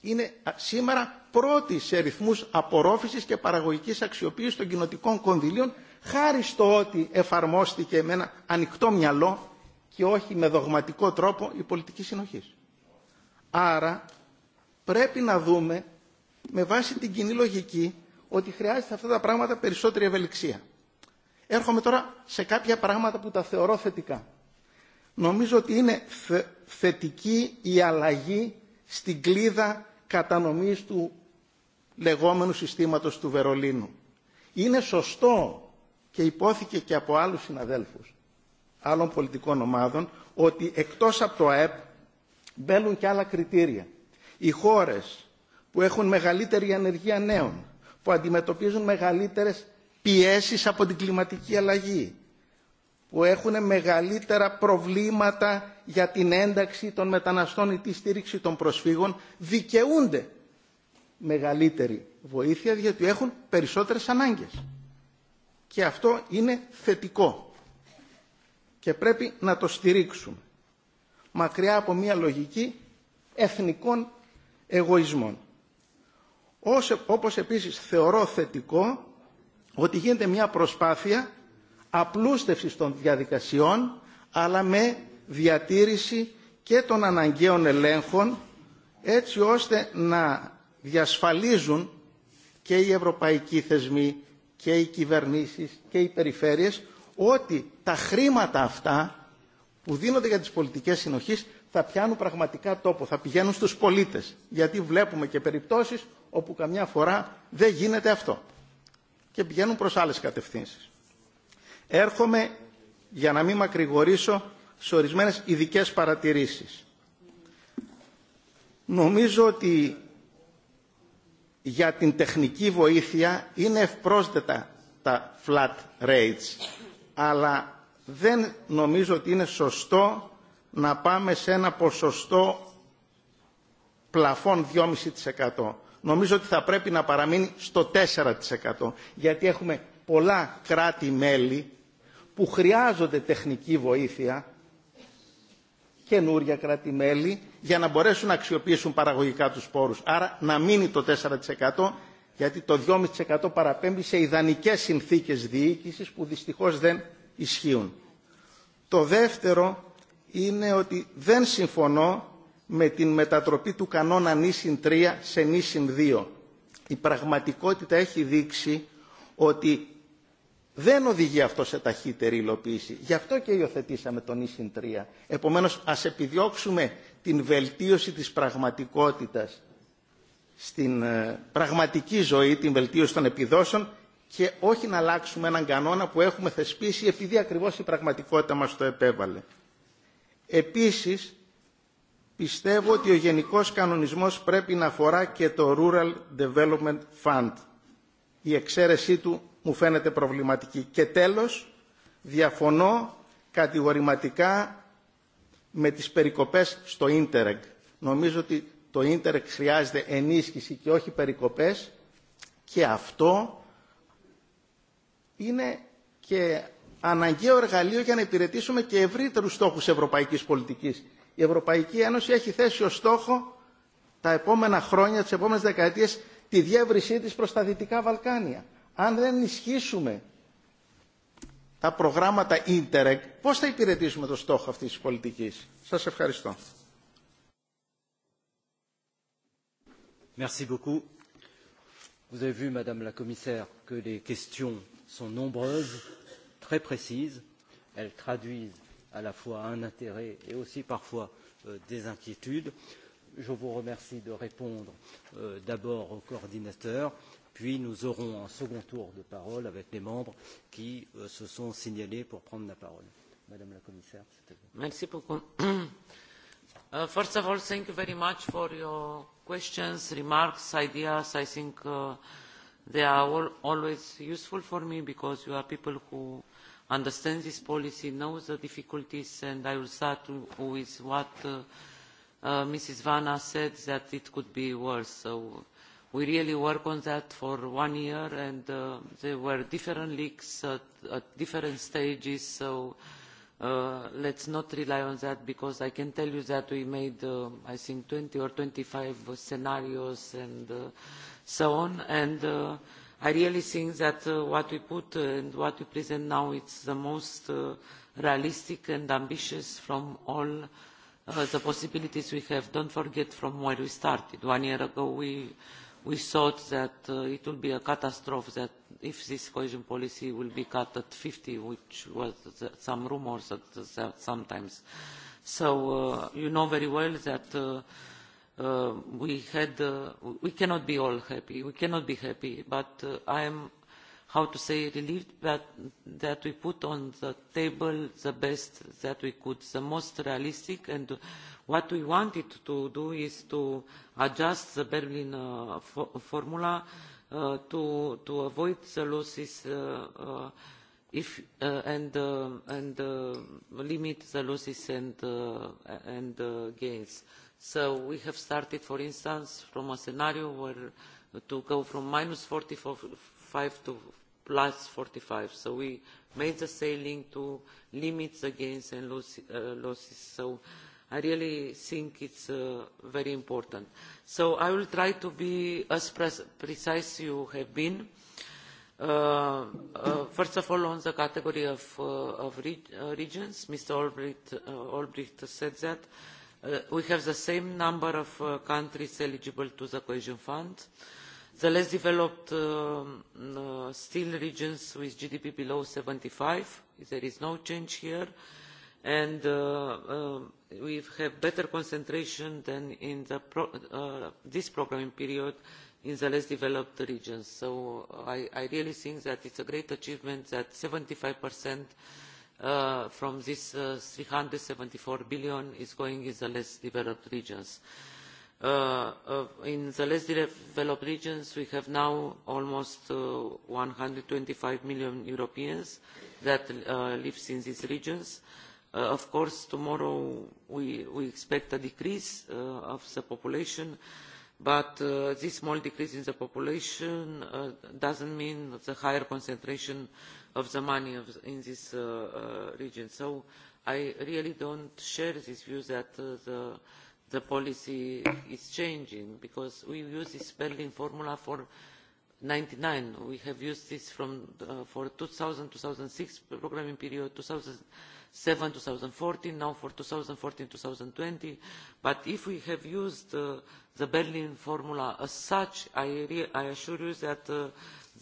είναι σήμερα πρώτη σε ρυθμούς απορρόφησης και παραγωγικής αξιοποίησης των κοινοτικών κονδυλίων χάρη στο ότι εφαρμόστηκε με ένα ανοιχτό μυαλό και όχι με δογματικό τρόπο η πολιτική συνοχής. Άρα πρέπει να δούμε με βάση την κοινή λογική ότι χρειάζεται αυτά τα πράγματα περισσότερη ευελιξία. Έρχομαι τώρα σε κάποια πράγματα που τα θεωρώ θετικά. Νομίζω ότι είναι θετική η αλλαγή στην κλίδα κατανομής του λεγόμενου συστήματος του Βερολίνου. Είναι σωστό και υπόθηκε και από άλλους συναδέλφους άλλων πολιτικών ομάδων ότι εκτός από το ΑΕΠ μπαίνουν και άλλα κριτήρια. Οι χώρες που έχουν μεγαλύτερη ανεργία νέων, που αντιμετωπίζουν μεγαλύτερες πιέσεις από την κλιματική αλλαγή, που έχουν μεγαλύτερα προβλήματα για την ένταξη των μεταναστών ή τη στήριξη των προσφύγων, δικαιούνται μεγαλύτερη βοήθεια γιατί έχουν περισσότερες ανάγκες. Και αυτό είναι θετικό και πρέπει να το στηρίξουμε μακριά από μια λογική εθνικών εγωισμών. Όπως επίσης θεωρώ θετικό ότι γίνεται μια προσπάθεια απλούστευσης των διαδικασιών αλλά με διατήρηση και των αναγκαίων ελέγχων έτσι ώστε να διασφαλίζουν και οι ευρωπαϊκοί θεσμοί και οι κυβερνήσεις και οι περιφέρειες ότι τα χρήματα αυτά που δίνονται για τις πολιτικές συνοχής θα πιάνουν πραγματικά τόπο, θα πηγαίνουν στους πολίτες. Γιατί βλέπουμε και περιπτώσεις όπου καμιά φορά δεν γίνεται αυτό και πηγαίνουν προς άλλες κατευθύνσεις. Έρχομαι, για να μην μακρηγορήσω, σε ορισμένες ειδικέ παρατηρήσεις. Νομίζω ότι για την τεχνική βοήθεια είναι ευπρόσδετα τα flat rates, αλλά δεν νομίζω ότι είναι σωστό να πάμε σε ένα ποσοστό πλαφόν 2,5% νομίζω ότι θα πρέπει να παραμείνει στο 4%. Γιατί έχουμε πολλά κράτη-μέλη που χρειάζονται τεχνική βοήθεια, καινούρια κράτη-μέλη, για να μπορέσουν να αξιοποιήσουν παραγωγικά τους πόρους. Άρα να μείνει το 4%, γιατί το 2,5% παραπέμπει σε ιδανικές συνθήκες διοίκησης που δυστυχώς δεν ισχύουν. Το δεύτερο είναι ότι δεν συμφωνώ με την μετατροπή του κανόνα νήσιν 3 σε νήσιν 2. Η πραγματικότητα έχει δείξει ότι δεν οδηγεί αυτό σε ταχύτερη υλοποίηση. Γι' αυτό και υιοθετήσαμε τον ΙΣΙΝ 3. Επομένως, ας επιδιώξουμε την βελτίωση της πραγματικότητας στην πραγματική ζωή, την βελτίωση των επιδόσεων και όχι να αλλάξουμε έναν κανόνα που έχουμε θεσπίσει επειδή ακριβώς η πραγματικότητα μας το επέβαλε. Επίσης, Πιστεύω ότι ο γενικός κανονισμός πρέπει να αφορά και το Rural Development Fund. Η εξαίρεσή του μου φαίνεται προβληματική. Και τέλος, διαφωνώ κατηγορηματικά με τις περικοπές στο Ίντερεγ. Νομίζω ότι το Ίντερεγ χρειάζεται ενίσχυση και όχι περικοπές και αυτό είναι και αναγκαίο εργαλείο για να υπηρετήσουμε και ευρύτερους στόχους ευρωπαϊκής πολιτικής η Ευρωπαϊκή Ένωση έχει θέσει ως στόχο τα επόμενα χρόνια, τις επόμενες δεκαετίες, τη διεύρυνσή της προς τα Δυτικά Βαλκάνια. Αν δεν ενισχύσουμε τα προγράμματα Interreg, πώς θα υπηρετήσουμε το στόχο αυτής της πολιτικής. Σας ευχαριστώ. Merci beaucoup. Vous avez vu, Madame la Commissaire, que les questions sont nombreuses, très précises. Elles traduisent à la fois un intérêt et aussi parfois euh, des inquiétudes. Je vous remercie de répondre euh, d'abord au coordinateur, puis nous aurons un second tour de parole avec les membres qui euh, se sont signalés pour prendre la parole. Madame la Commissaire, c'était vous. Merci beaucoup. uh, first of all, thank you very much for your questions, remarks, ideas. I think uh, they are all, always useful for me because you are people who understands this policy knows the difficulties and i will start with what uh, uh, mrs vana said that it could be worse so we really worked on that for one year and uh, there were different leaks at, at different stages so uh, let's not rely on that because I can tell you that we made, uh, I think, 20 or 25 scenarios and uh, so on. And uh, I really think that uh, what we put uh, and what we present now is the most uh, realistic and ambitious from all uh, the possibilities we have. Don't forget from where we started. One year ago we, we thought that uh, it would be a catastrophe that if this cohesion policy will be cut at 50, which was the, some rumors at, the, sometimes. So uh, you know very well that uh, uh, we had uh, we cannot be all happy we cannot be happy but uh, i am how to say relieved that that we put on the table the best that we could the most realistic and what we wanted to do is to adjust the berlin uh, fo formula uh, to to avoid the losses uh, uh, if uh, and uh, and uh, limit the losses and uh, and uh, gains uh, So we have started, for instance, from a scenario where to go from minus 45 to plus 45. So we made the sailing to limits against and uh, losses. So I really think it's uh, very important. So I will try to be as precise you have been. Uh, uh, first of all, on the category of, uh, of re uh, regions, Mr. Albrecht, uh, Albrecht said that. Uh, Uh, we have the same number of uh, countries eligible to the cohesion fund. the less developed um, uh, still regions with gdp below seventy five there is no change here and uh, um, we have better concentration than in pro uh, this programming period in the less developed regions. so i, I really think that it is a great achievement that seventy five percent uh, from this uh, 374 billion is going in the less developed regions. Uh, uh, in the less developed regions, we have now almost uh, 125 million Europeans that uh, lives in these regions. Uh, of course, tomorrow we, we expect a decrease uh, of the population. Uh, but uh, this small decrease in the population uh, doesn't mean the higher concentration of the money of, in this uh, uh, region. So I really don't share this view that uh, the, the policy is changing because we use this spending formula for 99. We have used this from, uh, for 2000-2006 programming period, 2000 seven two thousand and fourteen now for two thousand and fourteen two thousand and twenty but if we have used uh, the berlin formula as such i, re I assure you that uh,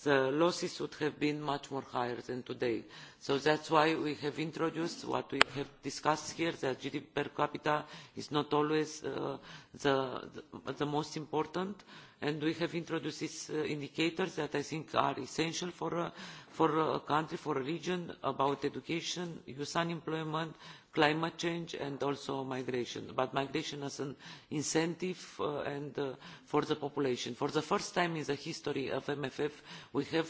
the losses would have been much more higher than today. So that's why we have introduced what we have discussed here, that GDP per capita is not always uh, the, the, the most important. Uh, and we have introduced these uh, indicators that I think are essential for, uh, for a country, for a region, about education, youth unemployment, climate change, and also migration. But migration as an incentive uh, and uh, for the population. For the first time in the history of MFF, we have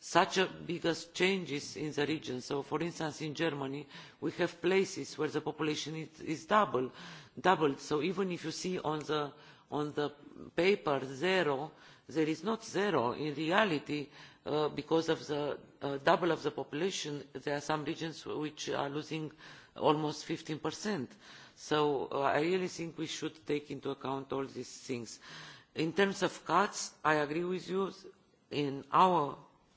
such a biggest changes in the region. So, for instance, in Germany, we have places where the population is, is double, doubled. So even if you see on the, on the paper zero there is not zero in reality uh, because of the uh, double of the population there are some regions which are losing almost fifteen percent so uh, i really think we should take into account all these things in terms of cuts i agree with you in our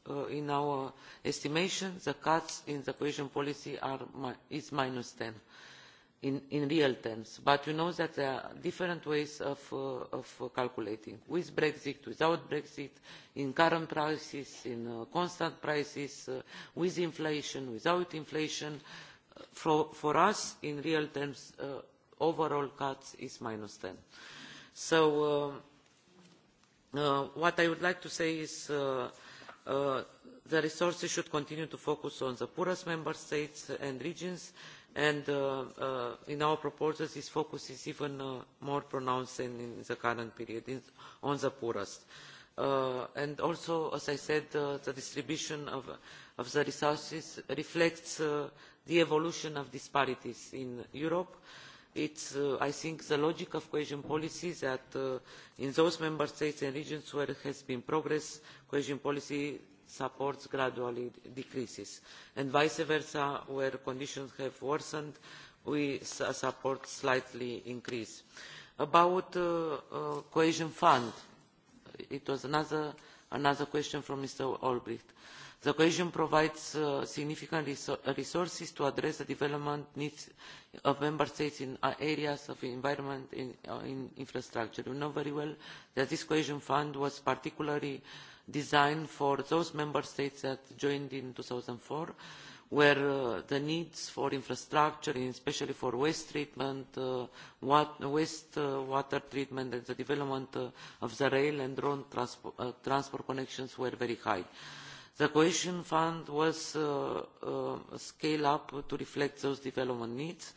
uh, in our estimation the cuts in the cohesion policy are mi is minus 10 in, in real terms. But you know that there are different ways of, uh, of calculating, with Brexit, without Brexit, in current prices, in uh, constant prices, uh, with inflation, without inflation. Uh, for, for us, in real terms, uh, overall cuts is minus 10. So uh, uh, what I would like to say is uh, uh, the resources should continue to focus on the poorest member states and regions uh, and uh, uh, in our proposals this focus is even uh, more pronounced than in the current period in, on the poorest. Uh, and also, as I said, uh, the distribution of, of the resources reflects uh, the evolution of disparities in Europe. It's, uh, I think, the logic of cohesion policy that uh, in those member states and regions where there has been progress, cohesion policy supports gradually decreases and vice versa where conditions have worsened we support slightly increase. About uh, uh, cohesion fund, it was another, another question from Mr. Olbricht. The cohesion provides uh, significant resor resources to address the development needs of member states in uh, areas of environment and in, uh, in infrastructure. You know very well that this cohesion fund was particularly uh, designed for those member states that joined in 2004 where uh, the needs for infrastructure, especially for waste treatment, uh, wat waste uh, water treatment and the development uh, of the rail and road transpo uh, transport connections were very high. The cohesion fund was uh, uh, scaled up to reflect those development needs,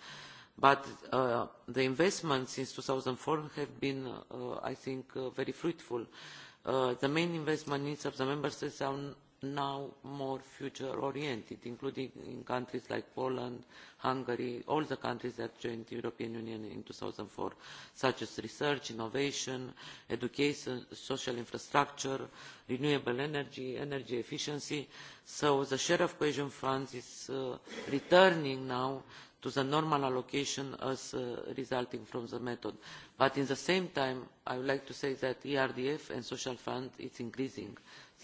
but uh, the investments since 2004 have been, uh, I think, uh, very fruitful. Uh, Uh, the main investment needs of the member states are now more future oriented, including in countries like Poland, Hungary, all the countries that joined the European Union in 2004, such as research, innovation, education, social infrastructure, renewable energy, energy efficiency. So the share of cohesion funds is uh, returning now to the normal allocation as uh, resulting from the method. But in the same time, I would like to say that ERDF and social fund is increasing.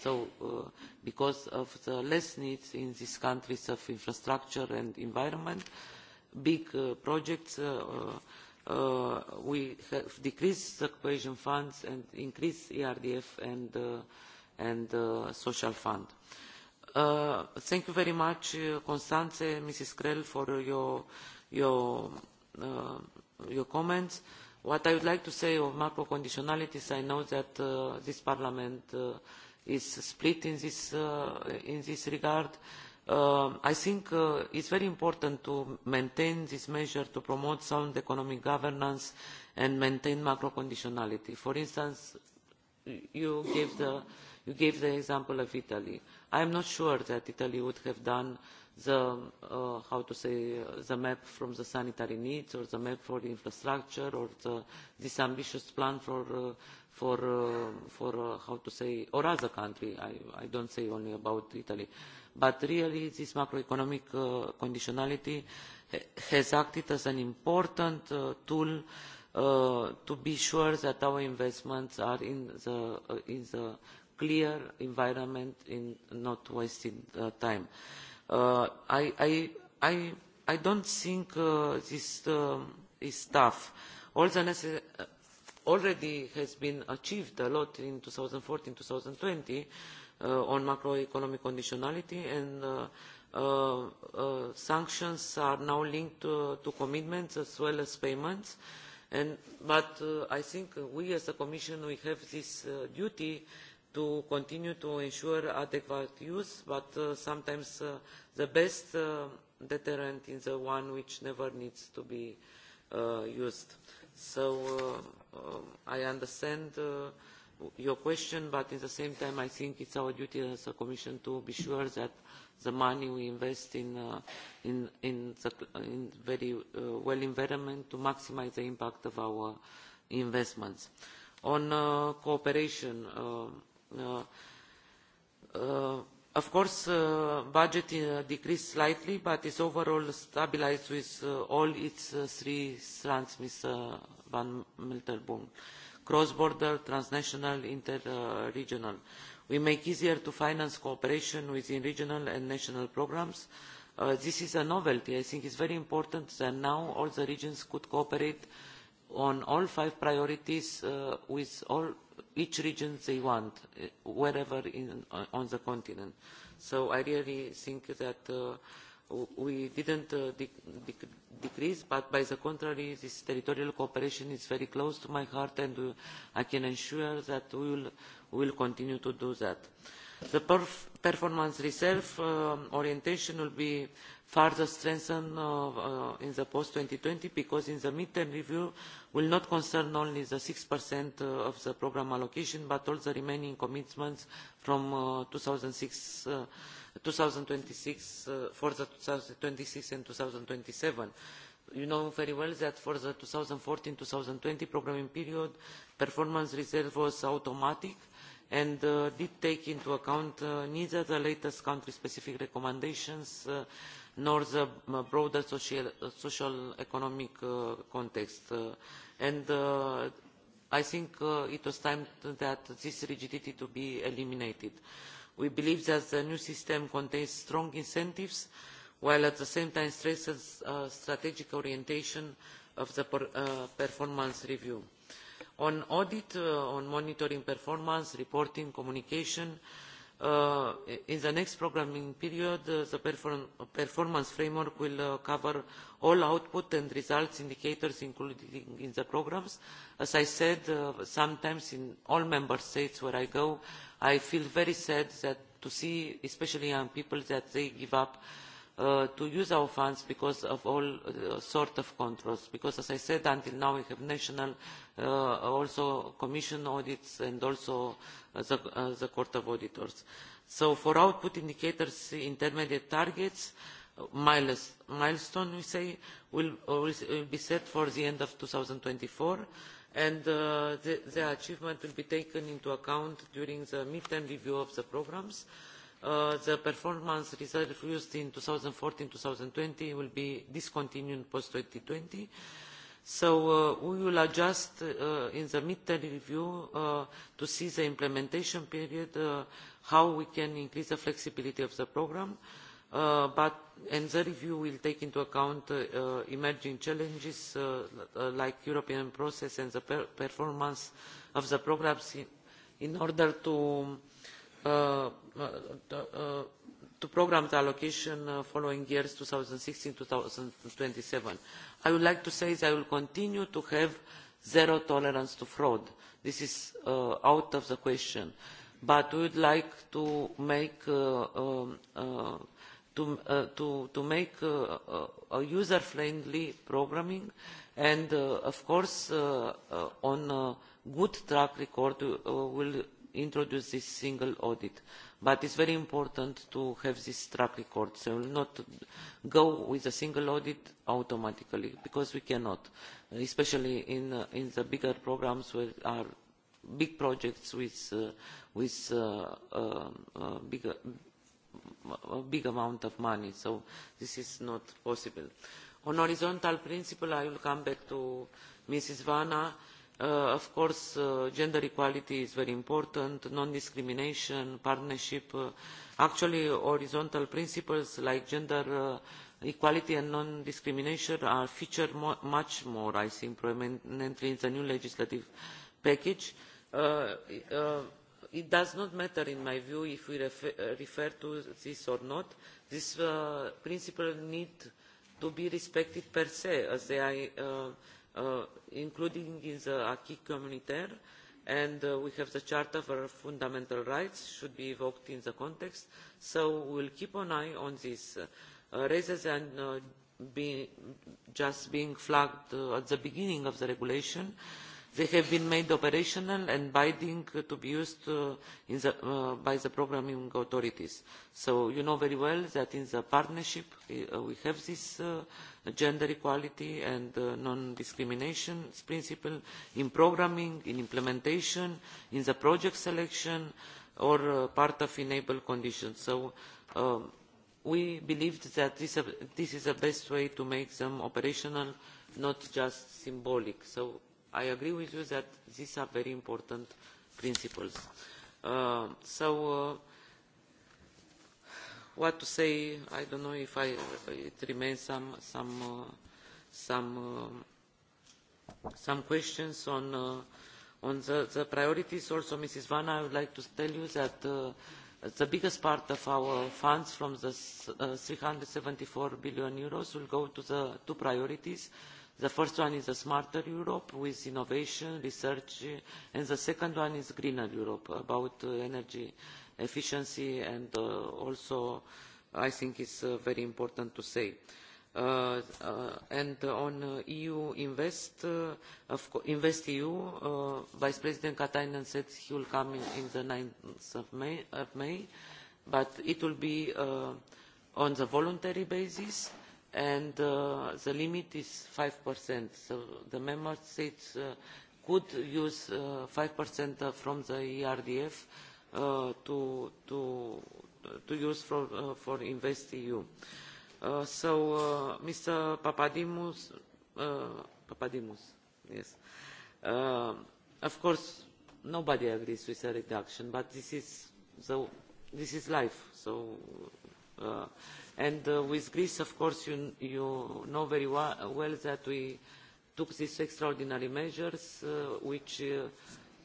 So uh, because of the less needs in these countries of infrastructure and environment, big uh, projects, uh, uh, uh we have decreased the cohesion funds and increased ERDF and, uh, and uh, social fund. Uh, Uh, thank you very much, uh, Constanze, Mrs. Krell, for your, your, uh, your comments. What I would like to say of macro conditionalities, I know that uh, this Parliament uh, is split in this, uh, in this regard. Uh, I think uh, it's very important to maintain this measure to promote sound economic governance and maintain macro conditionality. For instance, you gave the, you gave the example of Italy. Uh, i am not sure that italy would have done the uh, how to say the map from the sanitary needs or the map for the infrastructure or the, this ambitious plan for uh, for uh, for uh, how to say or other country i i don't say only about italy but really this macroeconomic uh, conditionality has acted as an important uh, tool uh, to be sure that our investments are in the uh, in the clear environment in not wasting uh, time. Uh, I, I, I, I don't think uh, this um, is tough. All the necessary uh, already has been achieved a lot in 2014 2020 uh, on macroeconomic conditionality and uh, uh, uh, sanctions are now linked to, to commitments as well as payments and but uh, I think we as a commission we have this uh, duty uh, to continue to ensure adequate use, but uh, sometimes uh, the best uh, deterrent is the one which never needs to be uh, used. So uh, um, I understand uh, your question, but at the same time I think it's our duty as a Commission to be sure that the money we invest in, uh, in, in, the, in very uh, well environment to maximize the impact of our investments. On uh, cooperation, uh, Uh, uh, of course, uh, budget uh, decreased slightly, but is overall stabilized with uh, all its uh, three strands, Ms. Uh, Van Milterboom, cross-border, transnational, inter-regional. Uh, we make easier to finance cooperation within regional and national programs. Uh, this is a novelty. I think it's very important that now all the regions could cooperate on all five priorities uh, with all each region they want, eh, wherever in, on the continent. So I really think that uh, we didn't uh, de de decrease, but by the contrary, this territorial cooperation is very close to my heart, and uh, I can ensure that we will, will continue to do that. The perf performance reserve um, orientation will be further strengthened uh, uh, in the post two thousand and twenty because in the mid term review will not concern only the six uh, of the programme allocation but also the remaining commitments from uh, two thousand and twenty six uh, for the two thousand and twenty six and two thousand and twenty seven you know very well that for the two thousand and fourteen two thousand and twenty programming period performance reserve was automatic and uh, did take into account uh, neither the latest country specific recommendations uh, nor the uh, broader social, social economic uh, context. Uh, and uh, I think uh, it was time that this rigidity to be eliminated. We believe that the new system contains strong incentives, while at the same time stresses uh, strategic orientation of the per, uh, performance review. On audit, uh, on monitoring performance, reporting, communication, uh, Uh, in the next programming period, uh, the perform performance framework will uh, cover all output and results indicators included in the programs. As I said, uh, sometimes in all member states where I go, I feel very sad that to see, especially young people, that they give up uh, Uh, to use our funds because of all uh, sort of controls because as i said until now we have national uh, also commission audits and also uh, the, uh, the court of auditors so for output indicators intermediate targets uh, miles, milestone we say will, uh, will be set for the end of 2024 and uh, the, the achievement will be taken into account during the midterm review of the programs uh, Uh, the performance reserve used in 2014-2020 will be discontinued post-2020. So uh, we will adjust uh, in the midterm review uh, to see the implementation period, uh, how we can increase the flexibility of the program. Uh, but and the review will take into account uh, uh emerging challenges uh, uh, like European process and the per performance of the programs in, in order to uh, the, to programmes allocation uh, following years two thousand and sixteen two thousand and twenty seven i would like to say that i will continue to have zero tolerance to fraud this is uh, out of the question but we would like to make uh, um, to, uh, to, to make uh, uh, a user-friendly programming and, uh, of course, uh, uh, on a good track record, uh, will introduce this single audit. Uh, but it is very important to have this track record so we will not go with a single audit automatically because we cannot especially in, uh, in the bigger programmes where there are big projects with, uh, with uh, um, uh, uh, bigger, a big amount of money so this is not possible. on horizontal principle i will come back to mrs vana Uh, of course uh, gender equality is very important non discrimination partnership uh, actually horizontal principles like gender uh, equality and non discrimination are featured mo much more i think prominently in the new legislative package. Uh, uh, it does not matter in my view if we refer, refer to this or not these principles need to be respected per se as they are uh, including in the acquis communautaire and uh, we have the charter for fundamental rights should be evoked in the context so we'll keep an eye on this uh, rather than uh, be just being flagged uh, at the beginning of the regulation uh, they have been made operational and binding to be used uh, in the, uh, by the programming authorities. So you know very well that in the partnership uh, we have this uh, gender equality and uh, non-discrimination principle in programming, in implementation, in the project selection or uh, part of enable conditions. So um, we believed that this, uh, this is the best way to make them operational, not just symbolic. So I agree with you that these are very important principles. Uh, so, uh, what to say? I don't know if I, it remains some some uh, some uh, some questions on uh, on the, the priorities. Also, Mrs. Vanna, I would like to tell you that. Uh, the biggest part of our funds from the uh, 374 billion euros will go to the two priorities. Uh, The first one is a smarter Europe with innovation, research, and the second one is greener Europe about uh, energy efficiency and uh, also I think it's uh, very important to say. Uh, uh, and on uh, EU Invest, uh, of co Invest EU, uh, Vice President Katainen said he will come in, in the 9th of May, of May, but it will be uh, on the voluntary basis and uh, the limit is 5%. So the member states uh, could use uh, 5% uh, from the ERDF uh, to, to, to use for, uh, for InvestEU. Uh, so, uh, Mr. Papadimous, uh, Papadimous, yes. Uh, of course, nobody agrees with a reduction, but this is, so, this is life, so Uh, and uh, with Greece, of course, you, you know very well, well that we took these extraordinary measures, uh, which uh,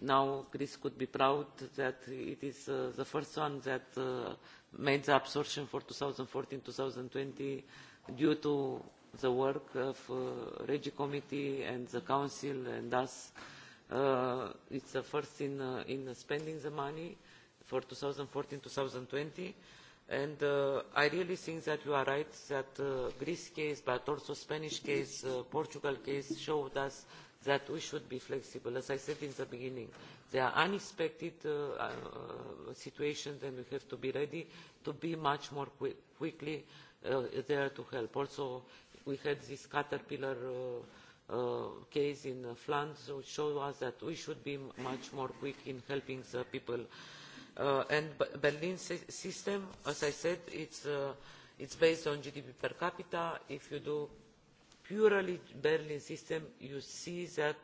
now Greece could be proud that it is uh, the first one that uh, made the absorption for 2014-2020 due to the work of uh, Regi Committee and the Council and us. Uh, it's the first in, uh, in spending the money for 2014-2020. And uh, I really think that you are right that uh, Greece case, but also Spanish case, uh, Portugal case showed us that we should be flexible. As I said in the beginning, there are unexpected uh, uh, situations and we have to be ready to be much more quick, quickly uh, there to help. Also, we had this caterpillar uh, uh, case in uh, Flanders, which showed us that we should be much more quick in helping the people uh, Uh, and Berlin system, as I said, it's, uh, it's based on GDP per capita. If you do purely Berlin system, you see that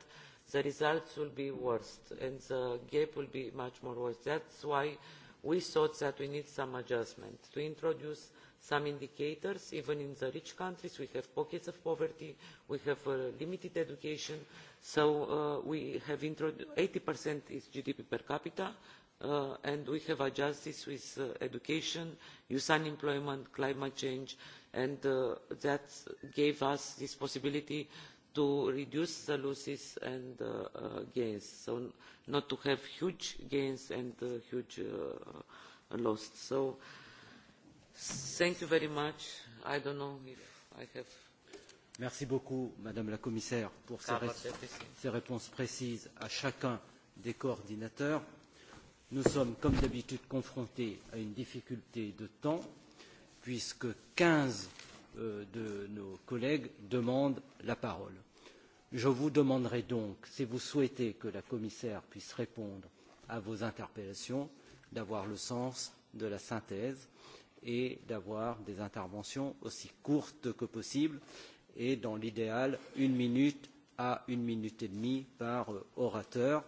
the results will be worse and the gap will be much more worse. That's why we thought that we need some adjustment to introduce some indicators. Even in the rich countries, we have pockets of poverty, we have uh, limited education. So uh, we have 80% is GDP per capita, uh, and we have addressed this with uh, education, youth unemployment, climate change, and uh, that gave us this possibility to reduce the losses and uh, uh, gains, so not to have huge gains and uh, huge uh, uh, loss. So thank you very much. I don't know if I have merci beaucoup madame la commissaire pour ces, ré ces réponses précises à chacun des coordinateurs. Nous sommes, comme d'habitude, confrontés à une difficulté de temps, puisque 15 euh, de nos collègues demandent la parole. Je vous demanderai donc, si vous souhaitez que la commissaire puisse répondre à vos interpellations, d'avoir le sens de la synthèse et d'avoir des interventions aussi courtes que possible et, dans l'idéal, une minute à une minute et demie par euh, orateur.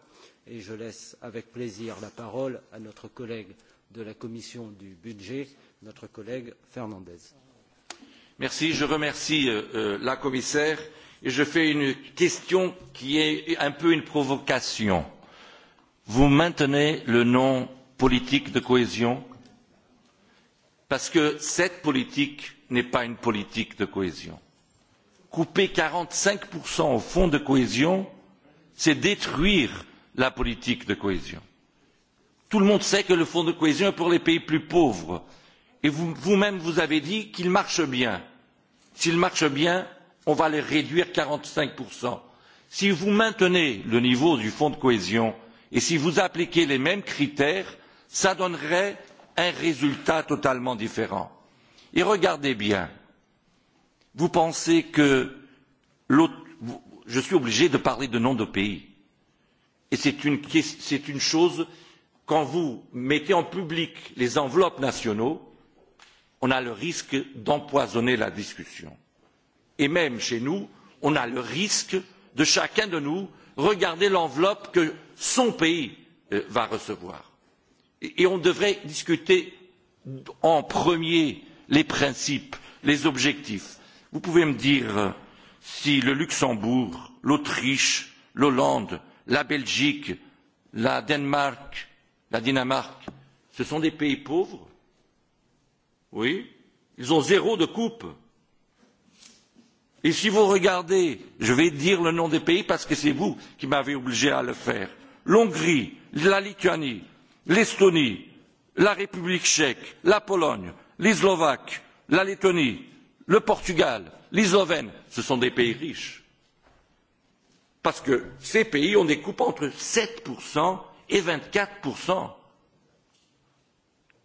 Et je laisse avec plaisir la parole à notre collègue de la commission du budget, notre collègue Fernandez. Merci. Je remercie euh, euh, la commissaire et je fais une question qui est un peu une provocation. Vous maintenez le nom politique de cohésion parce que cette politique n'est pas une politique de cohésion couper quarante cinq au fonds de cohésion c'est détruire la politique de cohésion. tout le monde sait que le fonds de cohésion est pour les pays plus pauvres et vous, vous même vous avez dit qu'il marche bien. s'il marche bien on va le réduire quarante cinq si vous maintenez le niveau du fonds de cohésion et si vous appliquez les mêmes critères cela donnerait un résultat totalement différent. et regardez bien vous pensez que l'autre je suis obligé de parler de nom de pays et c'est une, une chose quand vous mettez en public les enveloppes nationaux on a le risque d'empoisonner la discussion et même chez nous on a le risque de chacun de nous regarder l'enveloppe que son pays euh, va recevoir et, et on devrait discuter en premier les principes les objectifs Vous pouvez me dire si le Luxembourg, l'Autriche, l'Hollande, la Belgique, la Danemark, la Dinamarque, ce sont des pays pauvres Oui, ils ont zéro de coupe. Et si vous regardez, je vais dire le nom des pays parce que c'est vous qui m'avez obligé à le faire, l'Hongrie, la Lituanie, l'Estonie, la République tchèque, la Pologne, les Slovaques, la Lettonie, le portugal les slovènes ce sont des pays riches parce que ces pays ont des coupes entre sept et vingt quatre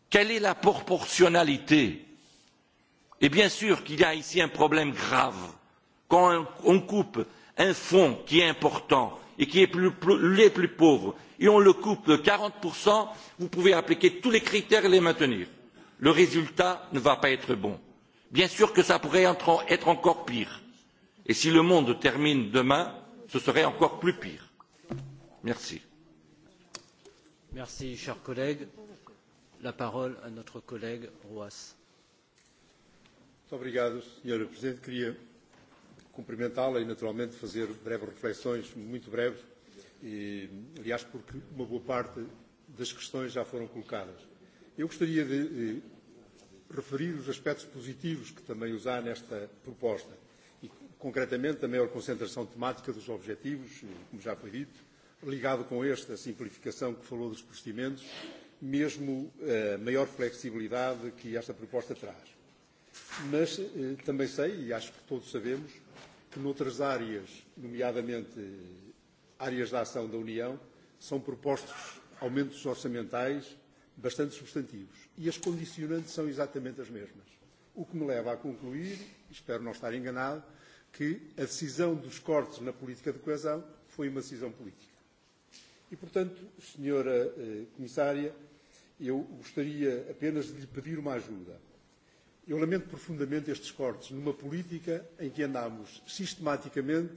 quelle est la proportionnalité? et bien sûr qu'il y a ici un problème grave quand on coupe un fonds qui est important et qui est pour les plus pauvres et on le coupe de quarante vous pouvez appliquer tous les critères et les maintenir le résultat ne va pas être bon. Bien sûr que ça pourrait être encore pire. Et si le monde termine demain, ce serait encore plus pire. Merci. Merci, cher collègue. La parole à notre collègue Roas. Muito obrigado, Sr. Presidente. Queria cumprimentá-la e, naturalmente, fazer breves reflexões, muito breves, e, aliás, porque uma boa parte das questões já foram colocadas. Eu gostaria de referir os aspectos positivos que também os há nesta proposta, e concretamente a maior concentração temática dos objetivos, e, como já foi dito, ligado com este, a simplificação que falou dos procedimentos, mesmo a eh, maior flexibilidade que esta proposta traz. Mas eh, também sei, e acho que todos sabemos, que noutras áreas, nomeadamente áreas da ação da União, são propostos aumentos orçamentais bastante substantivos. E as condicionantes são exatamente as mesmas. O que me leva a concluir, e espero não estar enganado, que a decisão dos cortes na política de coesão foi uma decisão política. E, portanto, Senhora eh, Comissária, eu gostaria apenas de lhe pedir uma ajuda. Eu lamento profundamente estes cortes numa política em que andámos sistematicamente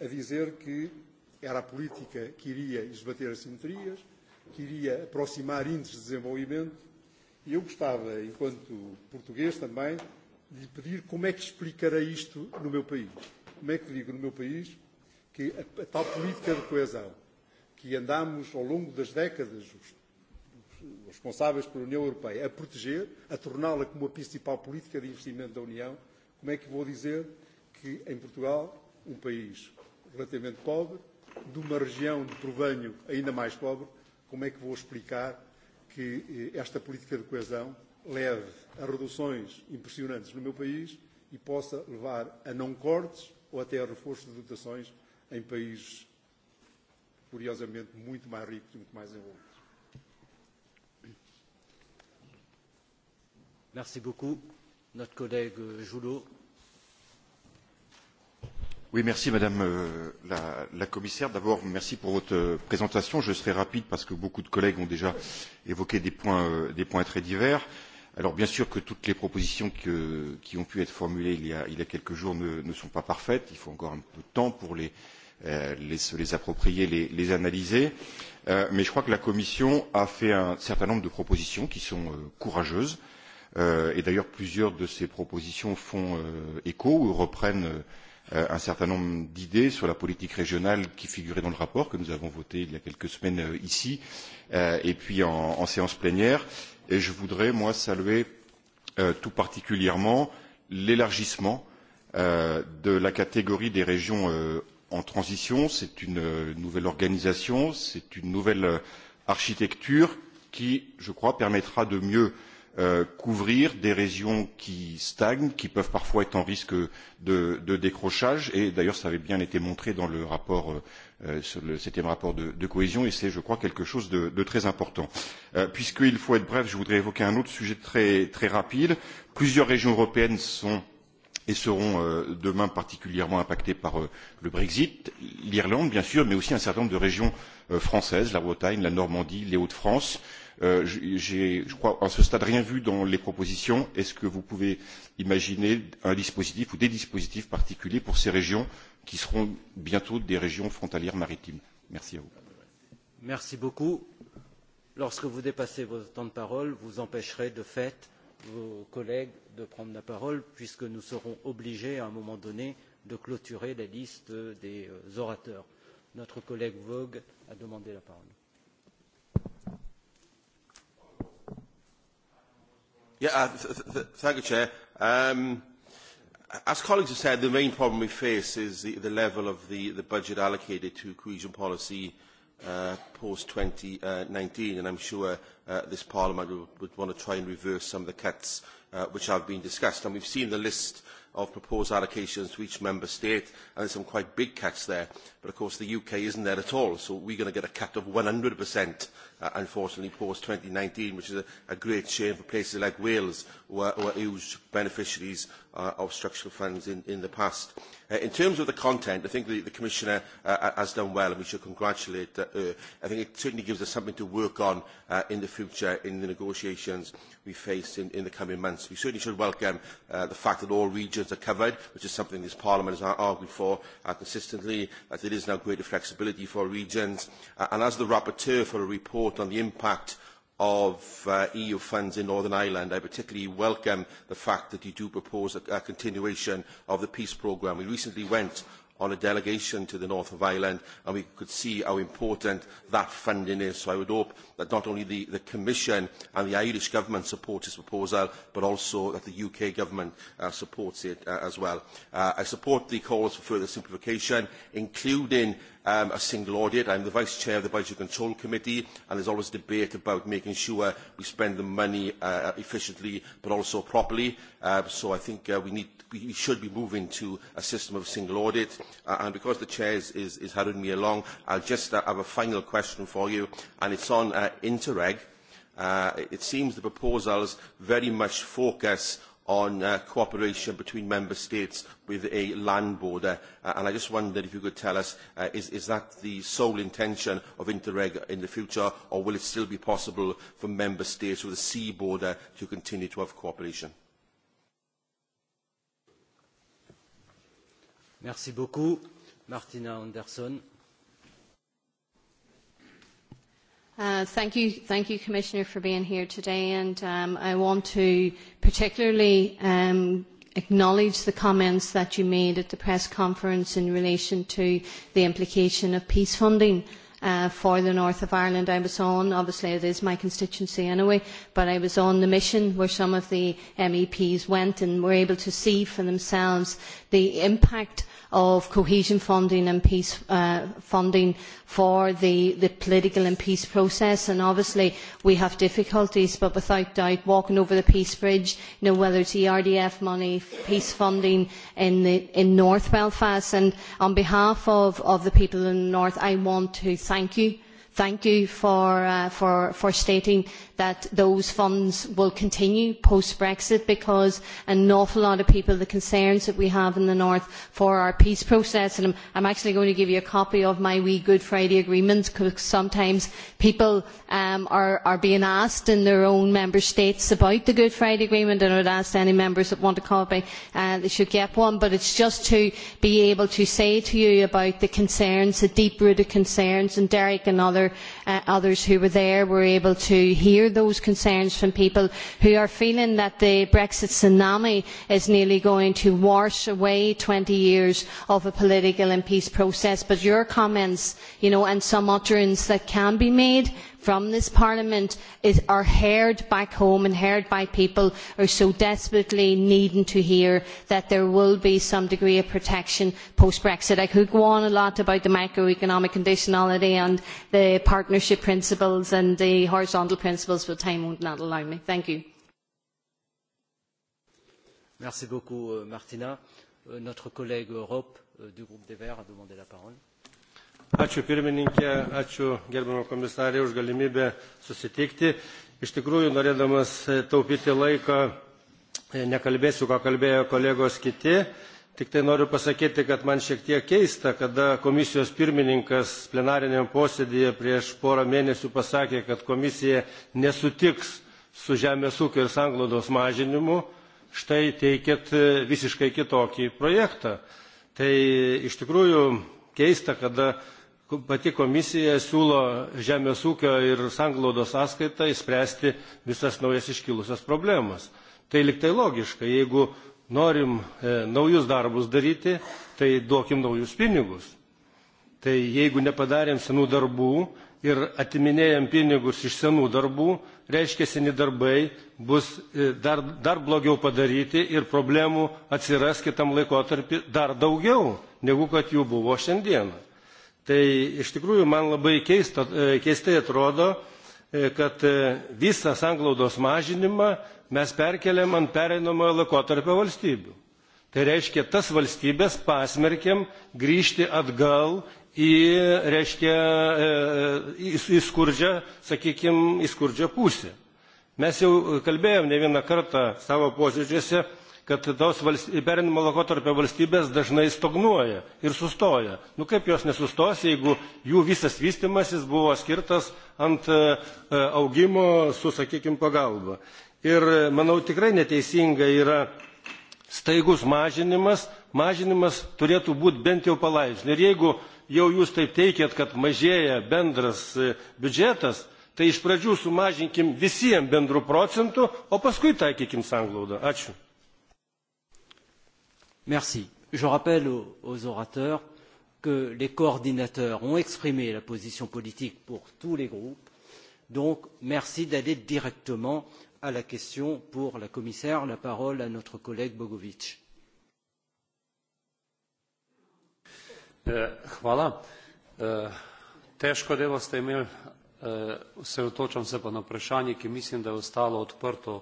a dizer que era a política que iria esbater assimetrias, queria aproximar índices de desenvolvimento e eu gostava, enquanto português também, de lhe pedir como é que explicarei isto no meu país. Como é que digo no meu país que a, a tal política de coesão que andámos ao longo das décadas, os, os responsáveis pela União Europeia, a proteger, a torná-la como a principal política de investimento da União, como é que vou dizer que em Portugal, um país relativamente pobre, de uma região de provenho ainda mais pobre, como é que vou explicar que eh, esta política de coesão leve a reduções impressionantes no meu país e possa levar a não cortes ou até a reforço de dotações em países, curiosamente, muito mais ricos e muito mais envolvidos. Merci beaucoup, notre collègue Joulot. Oui, merci Madame euh, la, la Commissaire. D'abord, merci pour votre euh, présentation. Je serai rapide parce que beaucoup de collègues ont déjà évoqué des points, euh, des points très divers. Alors bien sûr que toutes les propositions que, qui ont pu être formulées il y a, il y a quelques jours ne, ne sont pas parfaites. Il faut encore un peu de temps pour les, euh, les, se les approprier, les, les analyser. Euh, mais je crois que la Commission a fait un certain nombre de propositions qui sont euh, courageuses. Euh, et d'ailleurs, plusieurs de ces propositions font euh, écho ou reprennent. Euh, euh, un certain nombre d'idées sur la politique régionale qui figurait dans le rapport que nous avons voté il y a quelques semaines euh, ici euh, et puis en, en séance plénière. Et je voudrais, moi, saluer euh, tout particulièrement l'élargissement euh, de la catégorie des régions euh, en transition. C'est une euh, nouvelle organisation, c'est une nouvelle euh, architecture qui, je crois, permettra de mieux euh, euh, couvrir des régions qui stagnent, qui peuvent parfois être en risque de, de décrochage. Et d'ailleurs, ça avait bien été montré dans le rapport, euh, euh, sur le septième rapport de, de cohésion, et c'est, je crois, quelque chose de, de très important. Euh, Puisqu'il faut être bref, je voudrais évoquer un autre sujet très, très rapide. Plusieurs régions européennes sont et seront euh, demain particulièrement impactés par euh, le Brexit, l'Irlande bien sûr, mais aussi un certain nombre de régions euh, françaises, la Bretagne, la Normandie, les Hauts-de-France. Euh, Euh, J'ai, je crois, à ce stade, rien vu dans les propositions. Est-ce que vous pouvez imaginer un dispositif ou des dispositifs particuliers pour ces régions qui seront bientôt des régions frontalières maritimes Merci à vous. Merci beaucoup. Lorsque vous dépassez votre temps de parole, vous empêcherez de fait vos collègues de prendre la parole puisque nous serons obligés à un moment donné de clôturer la liste des euh, orateurs. Notre collègue Vogue a demandé la parole. Yeah, uh, th th thank you, Chair. Um, as colleagues have said, the main problem we face is the, the level of the, the budget allocated to cohesion policy uh, post-2019, uh, and I'm sure uh, this Parliament would, would want to try and reverse some of the cuts uh, which have been discussed. And we've seen the list uh, of proposed allocations to each member state, and there's some quite big cuts there. But of course the UK isn't there at all, so we're going to get a cut of 100%, uh, unfortunately, post-2019, which is a, a great shame for places like Wales, who are, who are huge beneficiaries uh, of structural funds in, in the past. Uh, in terms of the content, I think the, the Commissioner uh, has done well and we should congratulate uh, her. I think it certainly gives us something to work on uh, in the future in the negotiations we face in, in the coming months. We certainly should welcome uh, the fact that all regions are covered, which is something this Parliament has argued for uh, consistently, that there is now greater flexibility for regions. Uh, and as the rapporteur for a report on the impact of uh, EU funds in Northern Ireland. I particularly welcome the fact that you do propose a, a continuation of the peace programme. We recently went on a delegation to the north of Ireland and we could see how important that funding is. So I would hope that not only the, the Commission and the Irish Government support this proposal, but also that the UK Government uh, supports it uh, as well. Uh, I support the calls for further simplification, including um, a single audit. I'm the Vice Chair of the Budget Control Committee and there's always debate about making sure we spend the money uh, efficiently but also properly. Uh, so I think uh, we, need, we should be moving to a system of single audit. Uh, and because the Chair is, is, is hurrying me along, I'll just uh, have a final question for you and it's on uh, Interreg. Uh, it seems the proposals very much focus on uh, cooperation between member states with a land border. Uh, and I just wondered if you could tell us, uh, is, is that the sole intention of Interreg in the future, or will it still be possible for member states with a sea border to continue to have cooperation? Merci beaucoup. Martina Anderson. Uh, thank you, thank you, Commissioner, for being here today. And um, I want to particularly um, acknowledge the comments that you made at the press conference in relation to the implication of peace funding uh, for the north of Ireland. I was on, obviously it is my constituency anyway, but I was on the mission where some of the MEPs went and were able to see for themselves the impact of cohesion funding and peace uh, funding for the, the political and peace process. And obviously we have difficulties, but without doubt, walking over the peace bridge, you know, whether it's ERDF money, peace funding in, the, in North Belfast. And on behalf of, of the people in the North, I want to thank you. Thank you for, uh, for, for stating that those funds will continue post-Brexit because an awful lot of people, the concerns that we have in the North for our peace process, and I'm, I'm actually going to give you a copy of my wee Good Friday Agreement because sometimes people um, are, are being asked in their own member states about the Good Friday Agreement and I would ask any members that want a copy, uh, they should get one, but it's just to be able to say to you about the concerns, the deep-rooted concerns, and Derek and other uh, others who were there were able to hear those concerns from people who are feeling that the Brexit tsunami is nearly going to wash away 20 years of a political and peace process. But your comments, you know, and some utterance that can be made from this Parliament is, are heard back home and heard by people who are so desperately needing to hear that there will be some degree of protection post-Brexit. I could go on a lot about the macroeconomic conditionality and the partnership principles and the horizontal principles, but time won't not allow me. Thank you. Merci beaucoup, euh, Martina. Euh, notre collègue Europe euh, du groupe des Verts a demandé la parole. Ačiū pirmininkė, ačiū gerbimo komisarė už galimybę susitikti. Iš tikrųjų, norėdamas taupyti laiką, e, nekalbėsiu, ką kalbėjo kolegos kiti. Tik tai noriu pasakyti, kad man šiek tiek keista, kada komisijos pirmininkas plenariniam posėdėje prieš porą mėnesių pasakė, kad komisija nesutiks su žemės ūkio ir sanglaudos mažinimu, štai teikėt e, visiškai kitokį projektą. Tai iš tikrųjų keista, kada pati komisija siūlo žemės ūkio ir sanglaudos sąskaitą įspręsti visas naujas iškilusias problemas. Tai liktai logiška, jeigu norim e, naujus darbus daryti, tai duokim naujus pinigus. Tai jeigu nepadarėm senų darbų ir atiminėjam pinigus iš senų darbų, reiškia seni darbai bus e, dar, dar blogiau padaryti ir problemų atsiras kitam laikotarpį dar daugiau, negu kad jų buvo šiandieną. Tai iš tikrųjų man labai keisto, e, keistai atrodo, e, kad e, visą sanglaudos mažinimą mes perkeliam ant pereinamojo laikotarpio valstybių. Tai reiškia, tas valstybės pasmerkiam grįžti atgal į, reiškia, į, į skurdžią, sakykime, į skurdžią pusę. Mes jau kalbėjom ne vieną kartą savo posėdžiuose kad tos perinimo laikotarpio valstybės dažnai stagnuoja ir sustoja. Nu kaip jos nesustos, jeigu jų visas vystimasis buvo skirtas ant e, e, augimo su, sakykime, pagalba. Ir e, manau tikrai neteisinga yra staigus mažinimas, mažinimas turėtų būti bent jau palaipsniui. Ir jeigu jau jūs taip teikėt, kad mažėja bendras biudžetas, tai iš pradžių sumažinkim visiems bendrų procentų, o paskui taikykim sanglaudą. Ačiū. Merci. Je rappelle aux, aux orateurs que les coordinateurs ont exprimé la position politique pour tous les groupes. Donc, merci d'aller directement à la question pour la commissaire. La parole à notre collègue Bogovic. Eh, hvala. Eh, težko devo ste imeli, eh, osredotočam se pa na vprašanje, ki mislim, da je ostalo odprto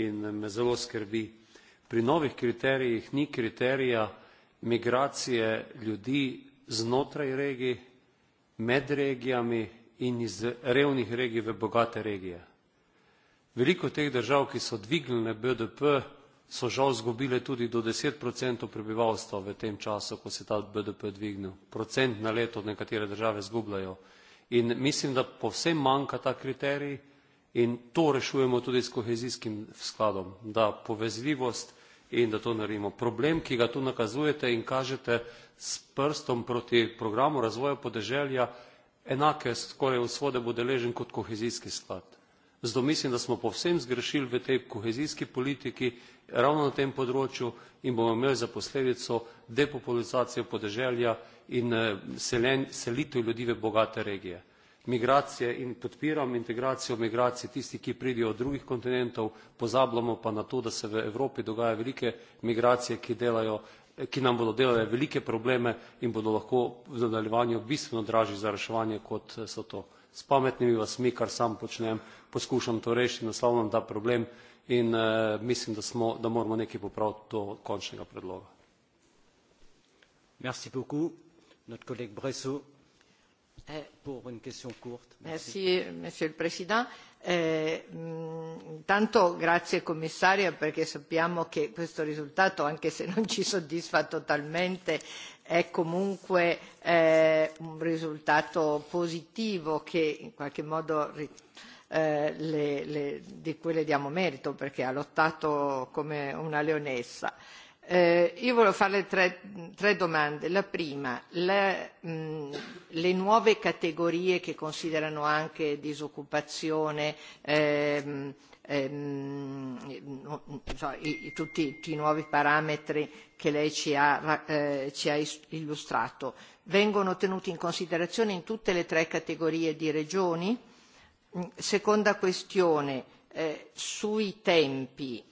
in me zelo skrbi Pri novih kriterijih ni kriterija migracije ljudi znotraj regij, med regijami in iz revnih regij v bogate regije. Veliko teh držav, ki so dvignile BDP, so žal izgubile tudi do deset odstotkov prebivalstva v tem času, ko se je ta BDP dvignil. Procent na leto nekatere države izgubljajo. In mislim, da povsem manjka ta kriterij in to rešujemo tudi s kohezijskim skladom, da povezljivost in da to naredimo. Problem, ki ga tu nakazujete in kažete s prstom proti programu razvoja podeželja, enake skoraj usode bo deležen kot kohezijski sklad. Zato mislim, da smo povsem zgrešili v tej kohezijski politiki ravno na tem področju in bomo imeli za posledico depopulacijo podeželja in eh, selen, selitev ljudi v bogate regije migracije in podpiram integracijo migracij tistih, ki pridejo od drugih kontinentov, pozabljamo pa na to, da se v Evropi dogajajo velike migracije, ki delajo ki nam bodo delale velike probleme in bodo lahko v nadaljevanju bistveno dražji za reševanje, kot so to. S pametnimi vasmi, kar sam počnem, poskušam to rešiti, naslavljam ta problem in eh, mislim, da, smo, da moramo nekaj popraviti do končnega predloga. Merci beaucoup, notre collègue Bresso. Eh, pour une question courte. Merci, Merci Monsieur le Président. Eh, intanto mm, grazie commissaria perché sappiamo che questo risultato, anche se non ci soddisfa totalmente, è comunque eh, un risultato positivo che in qualche modo eh, le, le, di cui le diamo merito perché ha lottato come una leonessa. Eh, Eh, io volevo farle tre, tre domande. La prima, la, mh, le nuove categorie che considerano anche disoccupazione, ehm, ehm, insomma, i, tutti, tutti i nuovi parametri che lei ci ha, eh, ci ha illustrato, vengono tenuti in considerazione in tutte le tre categorie di regioni? Seconda questione, eh, sui tempi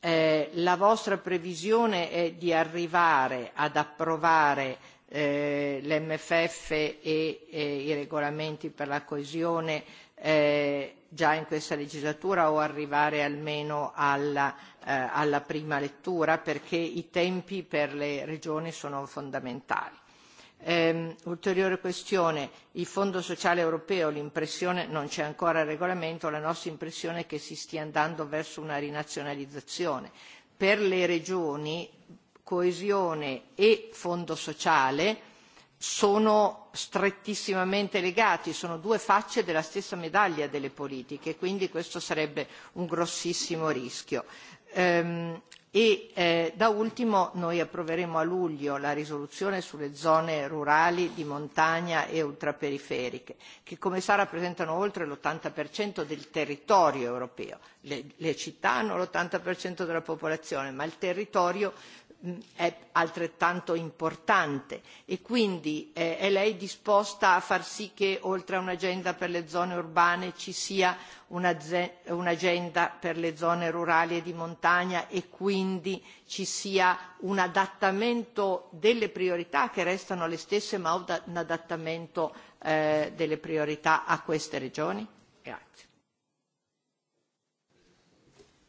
eh, la vostra previsione è di arrivare ad approvare eh, l'MFF e, e i regolamenti per la coesione eh, già in questa legislatura o arrivare almeno alla, eh, alla prima lettura perché i tempi per le regioni sono fondamentali. Ehm, ulteriore questione, il Fondo sociale europeo, l'impressione, non c'è ancora regolamento, la nostra impressione è che si stia andando verso una rinazionalizzazione. Per le regioni coesione e Fondo sociale sono strettissimamente legati, sono due facce della stessa medaglia delle politiche, quindi questo sarebbe un grossissimo rischio. Ehm, e eh, da ultimo noi approveremo a luglio la risoluzione sulle zone rurali di montagna e ultraperiferiche che come sa rappresentano oltre l'80% del territorio europeo. Le, le città hanno l'80% della popolazione ma il territorio è altrettanto importante e quindi eh, è lei disposta a far sì che oltre a un'agenda per le zone urbane ci sia un'agenda per le zone rurali e di montagna e quindi ci sia un adattamento delle priorità che restano le stesse ma un adattamento eh, delle priorità a queste regioni? Grazie.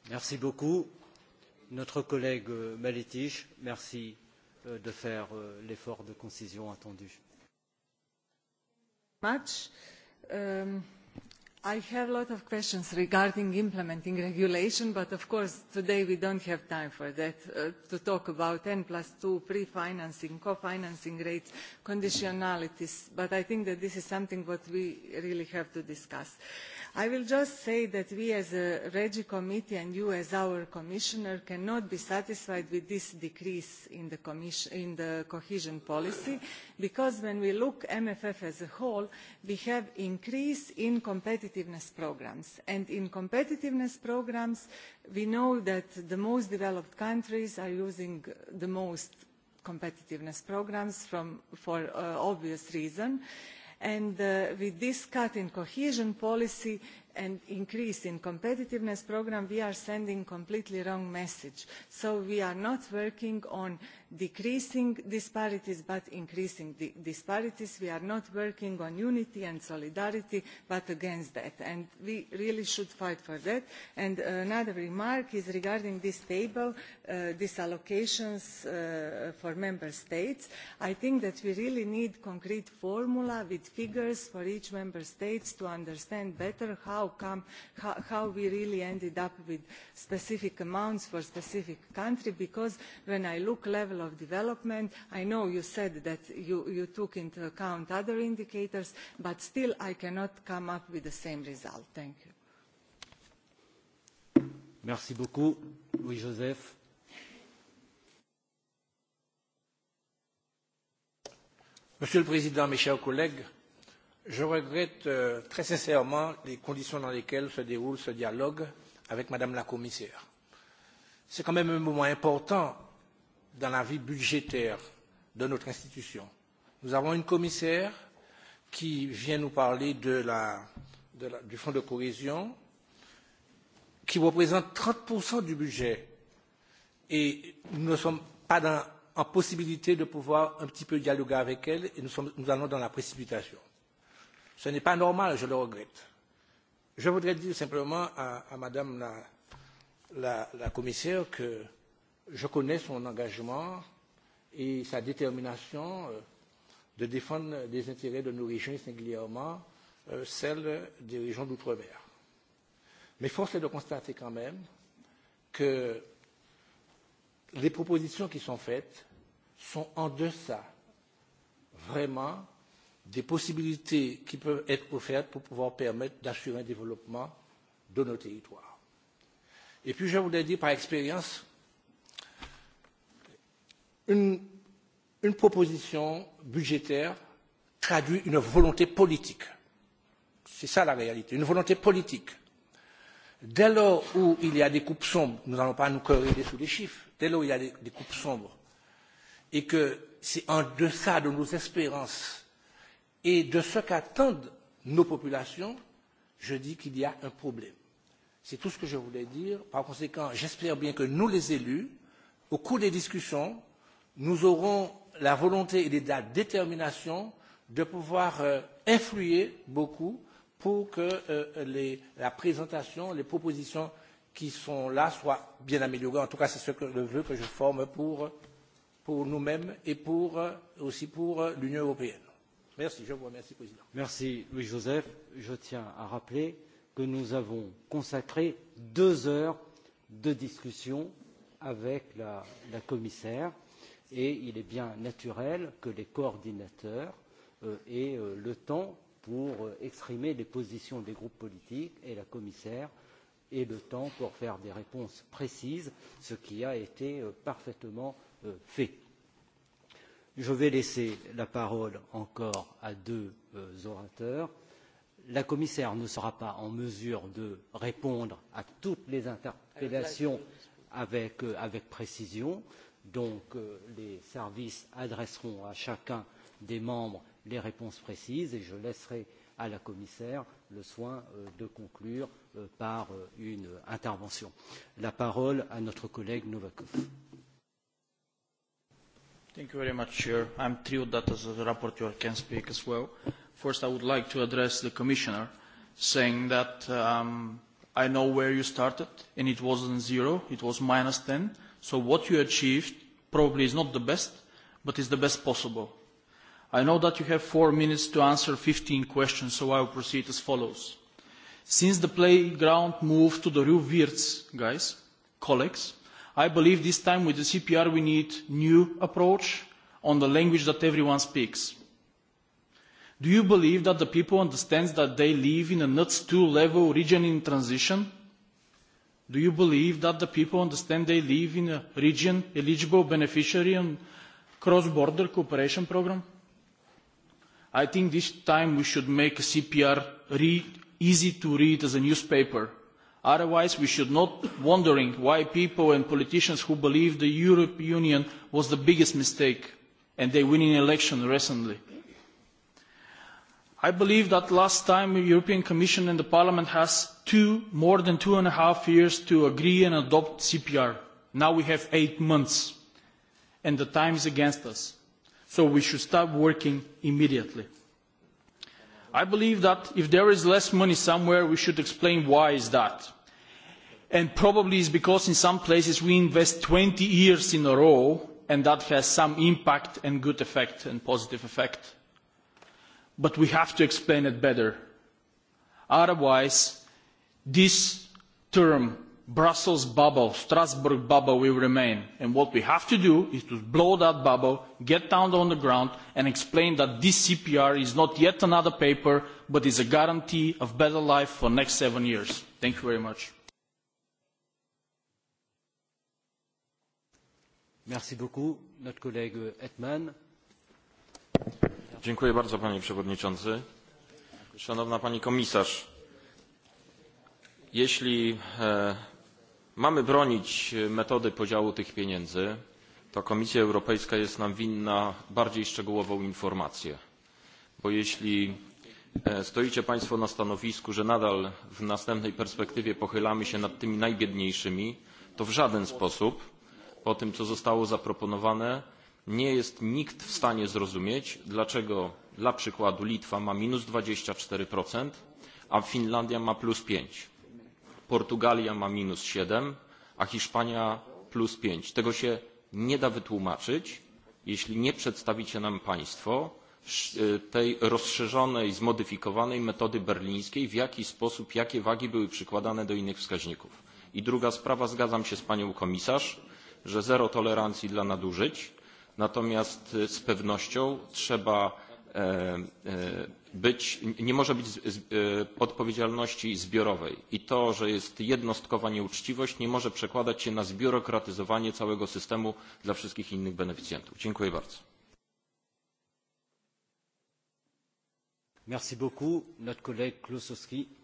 Merci beaucoup notre collègue euh, Maletich, merci euh, de faire euh, l'effort de concision attendu. Much. Um, I have a lot of questions regarding implementing regulation, but of course today we don't have time for that, uh, to talk about N plus 2, pre-financing, co-financing rates, conditionalities, but I think that this is something what we really have to discuss. Uh, i will just say that we as a regi committee and you as our commissioner cannot be satisfied with this decrease in the, in the cohesion policy because when we look at mff as a whole we have an increase in competitiveness programmes and in competitiveness programmes we know that the most developed countries are using the most competitiveness programmes for uh, obvious reasons and uh, with this cut in cohesion policy and increase in competitiveness programme we are sending a completely wrong message. so we are not working on uh, decreasing disparities but increasing the disparities. we are not working on unity and solidarity but against that and we really should fight for that. And another remark is regarding this table uh, these allocations uh, for member states. i think that we really need concrete formula with figures for each member state to understand better how, come, how, how we really ended up with specific amounts for specific countries because when i look level level of development. I know you said that you, you took into account other indicators, but still I cannot come up with the same result. Thank you. Merci beaucoup. Louis-Joseph. Monsieur le Président, mes chers collègues, je regrette euh, très sincèrement les conditions dans lesquelles se déroule ce dialogue avec Madame la Commissaire. C'est quand même un moment important dans la vie budgétaire de notre institution. Nous avons une commissaire qui vient nous parler de la, de la, du fonds de cohésion, qui représente 30% du budget. Et nous ne sommes pas dans, en possibilité de pouvoir un petit peu dialoguer avec elle et nous, sommes, nous allons dans la précipitation. Ce n'est pas normal, je le regrette. Je voudrais dire simplement à, à Madame la, la, la commissaire que euh, je connais son engagement et sa détermination euh, de défendre les intérêts de nos régions, singulièrement euh, celles des régions d'outre-mer. Mais force est de constater quand même que les propositions qui sont faites sont en deçà vraiment des possibilités qui peuvent être offertes pour pouvoir permettre d'assurer un développement de nos territoires. Et puis je voulais dire par expérience une, une proposition budgétaire traduit une volonté politique. C'est ça la réalité, une volonté politique. Dès lors où il y a des coupes sombres, nous n'allons pas nous corréler sous les chiffres, dès lors où il y a des, des coupes sombres et que c'est en deçà de nos espérances et de ce qu'attendent nos populations, je dis qu'il y a un problème. C'est tout ce que je voulais dire. Par conséquent, j'espère bien que nous, les élus, au cours des discussions, nous aurons la volonté et la détermination de pouvoir euh, influer beaucoup pour que euh, les, la présentation, les propositions qui sont là soient bien améliorées. En tout cas, c'est ce que le vœu que je forme pour, pour nous-mêmes et pour, euh, aussi pour euh, l'Union européenne. Merci, je vous remercie, Président. Merci, Louis-Joseph. Je tiens à rappeler que nous avons consacré deux heures de discussion avec la, la commissaire et il est bien naturel que les coordinateurs euh, aient euh, le temps pour euh, exprimer les positions des groupes politiques et la commissaire ait le temps pour faire des réponses précises, ce qui a été euh, parfaitement euh, fait. Je vais laisser la parole encore à deux euh, orateurs. La commissaire ne sera pas en mesure de répondre à toutes les interpellations avec, euh, avec précision. Euh, Donc euh, les services adresseront à chacun des membres les réponses précises et je laisserai à la commissaire le soin euh, de conclure euh, par euh, une intervention. La parole à notre collègue Novakov. Thank you very much, Chair. I'm thrilled that as a rapporteur can speak as well. First, I would like to address the Commissioner, saying that um, I know where you started, and it wasn't zero, it was minus 10 So what you achieved probably is not the best, but is the best possible. I know that you have four minutes to answer 15 questions, so I will proceed as follows. Since the playground moved to the Rue Wirtz, guys, colleagues, I believe this time with the CPR we need new approach on the language that everyone speaks. Do you believe that the people understand that they live in a NUTS 2 level region in transition Do you believe that the people understand they live in a region eligible beneficiary on cross-border cooperation program? I think this time we should make CPR read, easy to read as a newspaper. Otherwise, we should not wondering why people and politicians who believe the European Union was the biggest mistake and they winning election recently. I believe that last time the European Commission and the Parliament has two, more than two and a half years to agree and adopt CPR. Now we have eight months, and the time is against us. So we should start working immediately. I believe that if there is less money somewhere, we should explain why is that. And probably it's because in some places we invest 20 years in a row, and that has some impact and good effect and positive effect but we have to explain it better. Otherwise, this term, Brussels bubble, Strasbourg bubble, will remain. And what we have to do is to blow that bubble, get down on the ground, and explain that this CPR is not yet another paper, but is a guarantee of better life for next seven years. Thank you very much. Merci beaucoup, notre collègue Hetman. Dziękuję bardzo panie przewodniczący. Szanowna pani komisarz, jeśli e, mamy bronić metody podziału tych pieniędzy, to Komisja Europejska jest nam winna bardziej szczegółową informację. Bo jeśli e, stoicie Państwo na stanowisku, że nadal w następnej perspektywie pochylamy się nad tymi najbiedniejszymi, to w żaden sposób po tym, co zostało zaproponowane, nie jest nikt w stanie zrozumieć, dlaczego dla przykładu Litwa ma minus 24%, a Finlandia ma plus 5. Portugalia ma minus 7, a Hiszpania plus 5. Tego się nie da wytłumaczyć, jeśli nie przedstawicie nam Państwo tej rozszerzonej, zmodyfikowanej metody berlińskiej, w jaki sposób, jakie wagi były przykładane do innych wskaźników. I druga sprawa, zgadzam się z Panią Komisarz, że zero tolerancji dla nadużyć, natomiast z pewnością trzeba e, e, być, nie może być odpowiedzialności zbiorowej i to, że jest jednostkowa nieuczciwość nie może przekładać się na zbiurokratyzowanie całego systemu dla wszystkich innych beneficjentów. Dziękuję bardzo. Merci beaucoup, notre collègue Klosowski.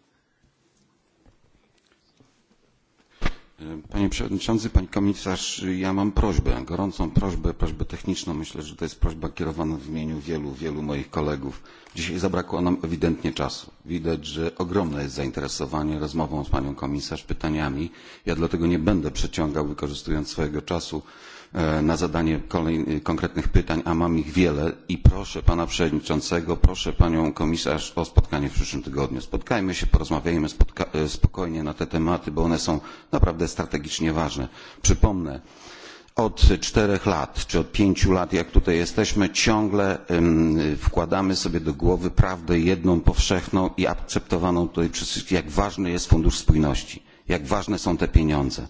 E, panie Przewodniczący, Pani Komisarz, ja mam prośbę, gorącą prośbę, prośbę techniczną. Myślę, że to jest prośba kierowana w imieniu wielu, wielu moich kolegów. Dzisiaj zabrakło nam ewidentnie czasu. Widać, że ogromne jest zainteresowanie rozmową z Panią Komisarz, pytaniami. Ja dlatego nie będę przeciągał, wykorzystując swojego czasu. E, na zadanie kolej, konkretnych pytań, a mam ich wiele i proszę pana przewodniczącego, proszę panią komisarz o spotkanie w przyszłym tygodniu. Spotkajmy się, porozmawiajmy spotka- e, spokojnie na te tematy, bo one są naprawdę strategicznie ważne. Przypomnę, od czterech lat czy od pięciu lat jak tutaj jesteśmy ciągle ym, wkładamy sobie do głowy prawdę jedną powszechną i akceptowaną tutaj przez wszystkich jak ważny jest fundusz spójności jak ważne są te pieniądze.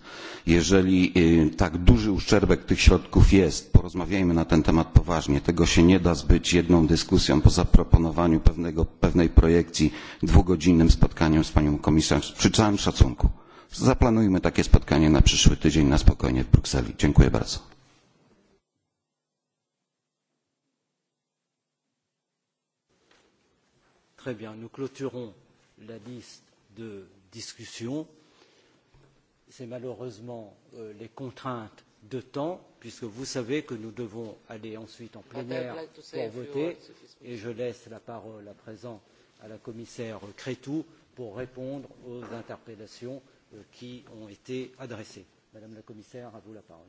Jeżeli tak duży uszczerbek tych środków jest, porozmawiajmy na ten temat poważnie. Tego się nie da zbyć jedną dyskusją po zaproponowaniu pewnego, pewnej projekcji dwugodzinnym spotkaniem z panią komisarz. Przy całym szacunku. Zaplanujmy takie spotkanie na przyszły tydzień na spokojnie w Brukseli. Dziękuję bardzo. Très bien, nous clôturons la liste de discussions c'est malheureusement euh, les contraintes de temps, puisque vous savez que nous devons aller ensuite en plénière pour voter, et je laisse la parole à présent à la commissaire Crétou pour répondre aux interpellations euh, qui ont été adressées. Madame la commissaire, à vous la parole.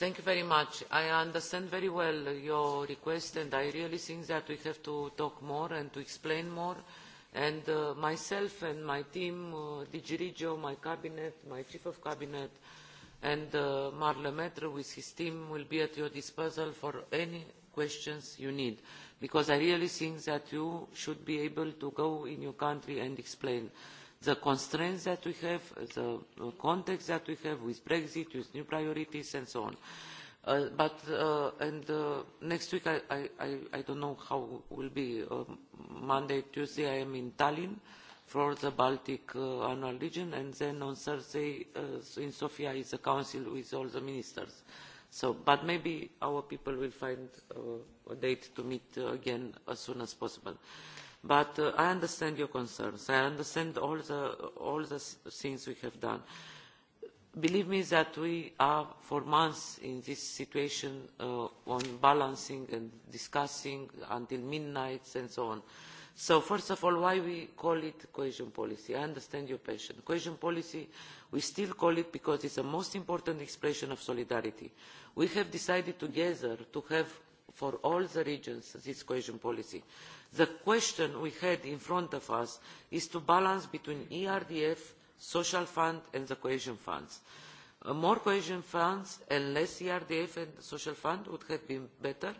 Thank you very much. I understand very well your request and I really think that we have to talk more and to explain more uh, And uh, myself and my team, uh, Digirigio, my cabinet, my chief of cabinet, and uh, Marc Lemaitre with his team will be at your disposal for any questions you need, because I really think that you should be able to go in your country and explain the constraints that we have, the context that we have with Brexit, with new priorities, and so on. Uh, Uh, but uh, and uh, next week I, I, I, I don't know how will be uh, Monday, Tuesday I am in Tallinn for the Baltic uh, annual region and then on Thursday uh, in Sofia is a council with all the ministers. So, but maybe our people will find uh, a date to meet uh, again as soon as possible. But uh, I understand your concerns. I understand all the, all the things we have done. Uh, believe me that we are for months in this situation uh, on balancing and discussing until midnight and so on. So first of all, why we call it cohesion policy? I understand your passion. Cohesion policy, we still call it because it's the most important expression of solidarity. We have decided together to have for all the regions this cohesion policy. The question we had in front of us is to balance between ERDF social fund and the cohesion funds. Uh, more cohesion funds and less erdf and social fund would have been better.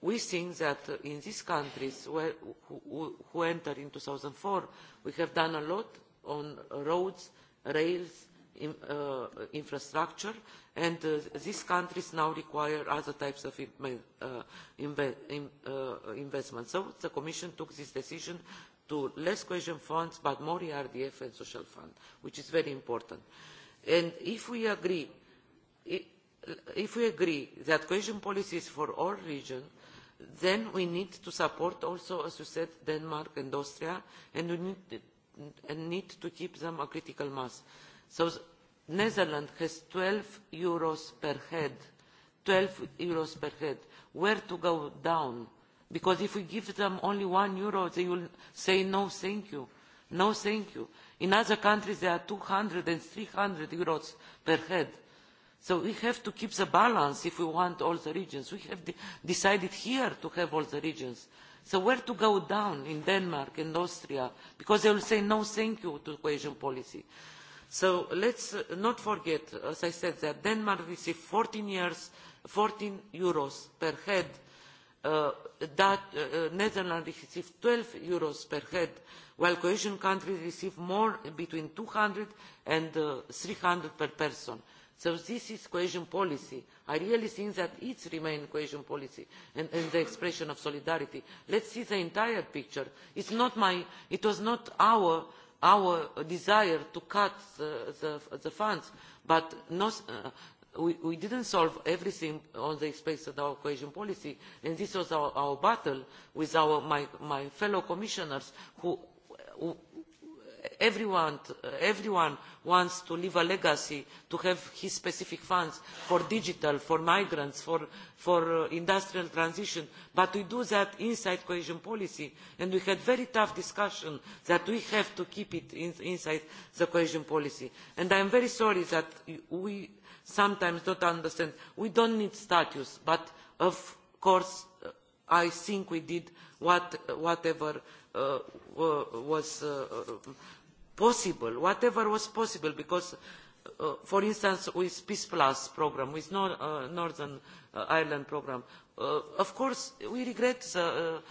we think that uh, in these countries where, who, who entered in two thousand and four we have done a lot on roads rails in, uh, infrastructure and uh, these countries now require other types of inve uh, uh, investment. so the commission took this decision to less cohesion funds but more erdf and social fund which is very important and if we agree if we agree that cohesion policy is for all regions then we need to support also as you said denmark and austria and we need and need to keep them a critical mass so netherlands has 12 euros per head 12 euros per head where to go down Because if we give them only one euro, they will say no, thank you. No, thank you. In other countries, there are 200 and 300 euros per head. So we have to keep the balance if we want all the regions. We have de decided here to have all the regions. So where to go down in Denmark and Austria? Because they will say no, thank you to cohesion policy. So let's uh, not forget, as I said, that Denmark received 14 years, 14 euros per head Uh, that uh, uh netherlands receives eur twelve per head while cohesion countries receive more between two hundred and uh, three uh, hundred per person. so this is cohesion policy. i really think that it remains cohesion policy and, and the expression of solidarity. let us see the entire picture. My, it was not our, our desire to cut the, the, the funds but not, uh, we, we didn't solve everything on the space of our cohesion policy, and this was our, our battle with our, my, my fellow commissioners, who, who everyone, everyone wants to leave a legacy, to have his specific funds for digital, for migrants, for, for uh, industrial transition, but we do that inside cohesion policy, and we had very tough discussion that we have to keep it in, inside the cohesion policy. And I'm very sorry that we sometimes do not understand. we do not need statues but of course uh, i think we did what, whatever uh, was uh, possible whatever was possible because uh, for instance with peace plus programme with Nor uh, northern uh, ireland programme uh, of course we regret the,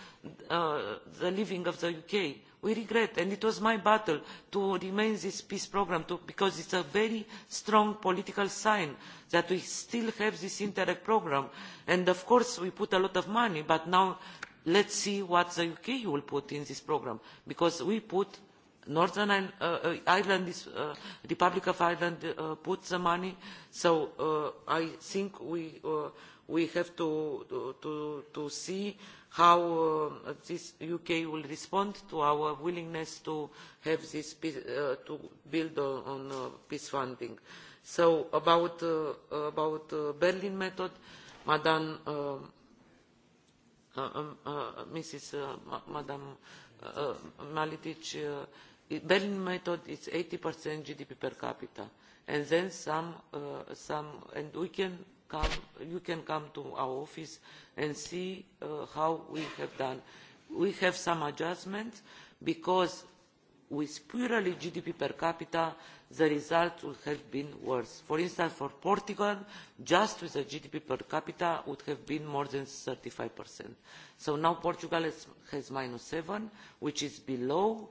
uh, uh, the leaving of the uk we regret and it was my battle to remain in this peace programme because it is a very strong political sign that we still have this interreg programme and of course we put a lot of money but now let us see what the uk will put in this programme because we put northern uh, uh, ireland the uh, republic of ireland uh, put the money so uh, i think we, uh, we have to, to, to see how uh, this UK will respond to our willingness to have this peace, uh, to build on, on uh, peace funding. So about uh, about uh, Berlin method, Madame uh, uh, um, uh, Mrs. Uh, Madame uh, uh, Maletic, uh, Berlin method is 80% GDP per capita, and then some uh, some, and we can come, you can come to our office and see uh, how we have done. We have some adjustments because with purely GDP per capita, the results would have been worse. For instance, for Portugal, just with the GDP per capita would have been more than 35%. So now Portugal is, has minus 7, which is below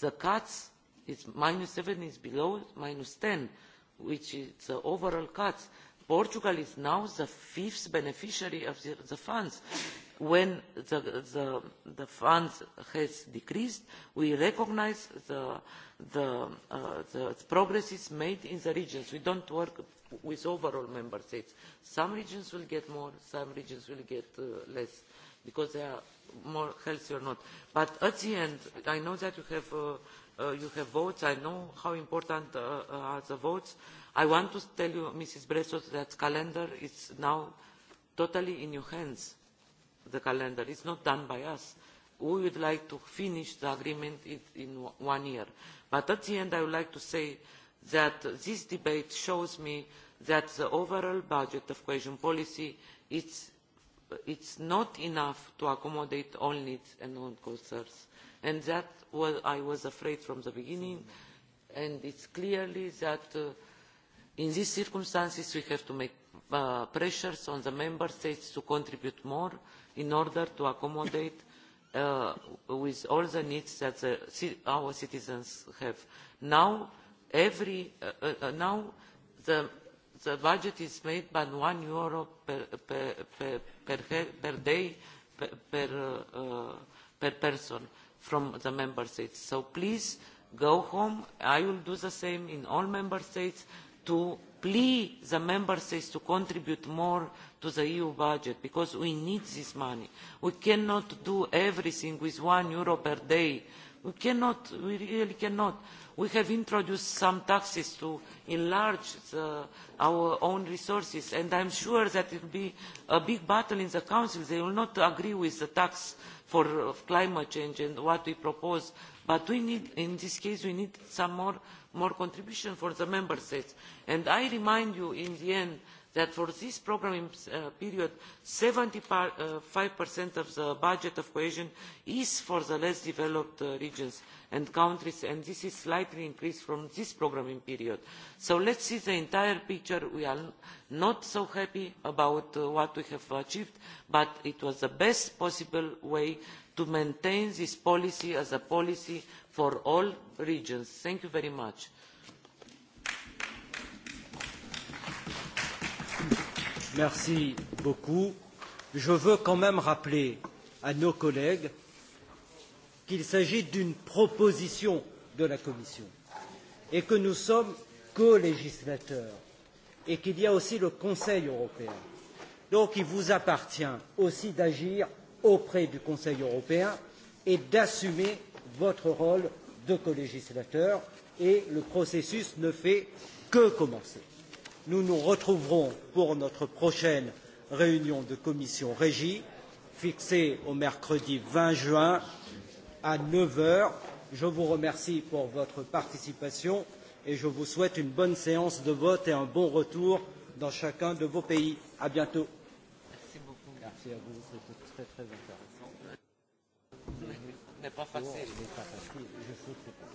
the cuts. It's minus 7 is below minus 10, which is the overall cuts. Uh, portugal is now the fifth beneficiary of the, the funds. when the, the, the funds have decreased we recognise uh, the progress made in the regions. we do not work with overall member states. some regions will get more some regions will get uh, less because they are more healthy or not. but at the end i know that you have, uh, uh you have votes i know how important uh, uh, are the votes I want to tell you, Mrs. Bresos, that calendar is now totally in your hands. The calendar is not done by us. We would like to finish the agreement in, in one year. But at the end, I would like to say that this debate shows me that the overall budget of cohesion policy is it's not enough to accommodate all needs and all concerns. And that was, I was afraid from the beginning, and it's clearly that uh, in these circumstances we have to make uh, pressure on the member states to contribute more in order to accommodate uh, with all the needs that the, our citizens have. now, every, uh, uh, uh, now the, the budget is made by one euro per, per, per, per, per day per, per, uh, per person from the member states. so please go home. i will do the same in all member states to plea the member states to contribute more to the eu budget because we need this money. we cannot do everything with one euro per day. we cannot we really cannot. we have introduced some taxes to enlarge the, our own resources and i am sure that it will be a big battle in the council. they will not agree with the tax for climate change and what we propose but we need, in this case we need some more, more contribution from the member states. and i remind you in the end that for this programming uh, period seventy five of the budget of cohesion is for the less developed uh, regions and countries and this is slightly increased from this programming period. so let us see the entire picture. we are not so happy about uh, what we have achieved but it was the best possible way to maintain this policy as a policy for all regions. thank you very much. merci beaucoup. je veux quand même rappeler à nos collègues qu'il s'agit d'une proposition de la commission et que nous sommes colégislateurs et qu'il y a aussi le conseil européen. donc il vous appartient aussi d'agir auprès du Conseil européen et d'assumer votre rôle de colégislateur et le processus ne fait que commencer. Nous nous retrouverons pour notre prochaine réunion de commission régie fixée au mercredi 20 juin à 9 heures. Je vous remercie pour votre participation et je vous souhaite une bonne séance de vote et un bon retour dans chacun de vos pays. À bientôt. Merci beaucoup. Merci à vous très très intéressant. N'est pas facile. Bon, n'est pas facile. Je sais que c'est pas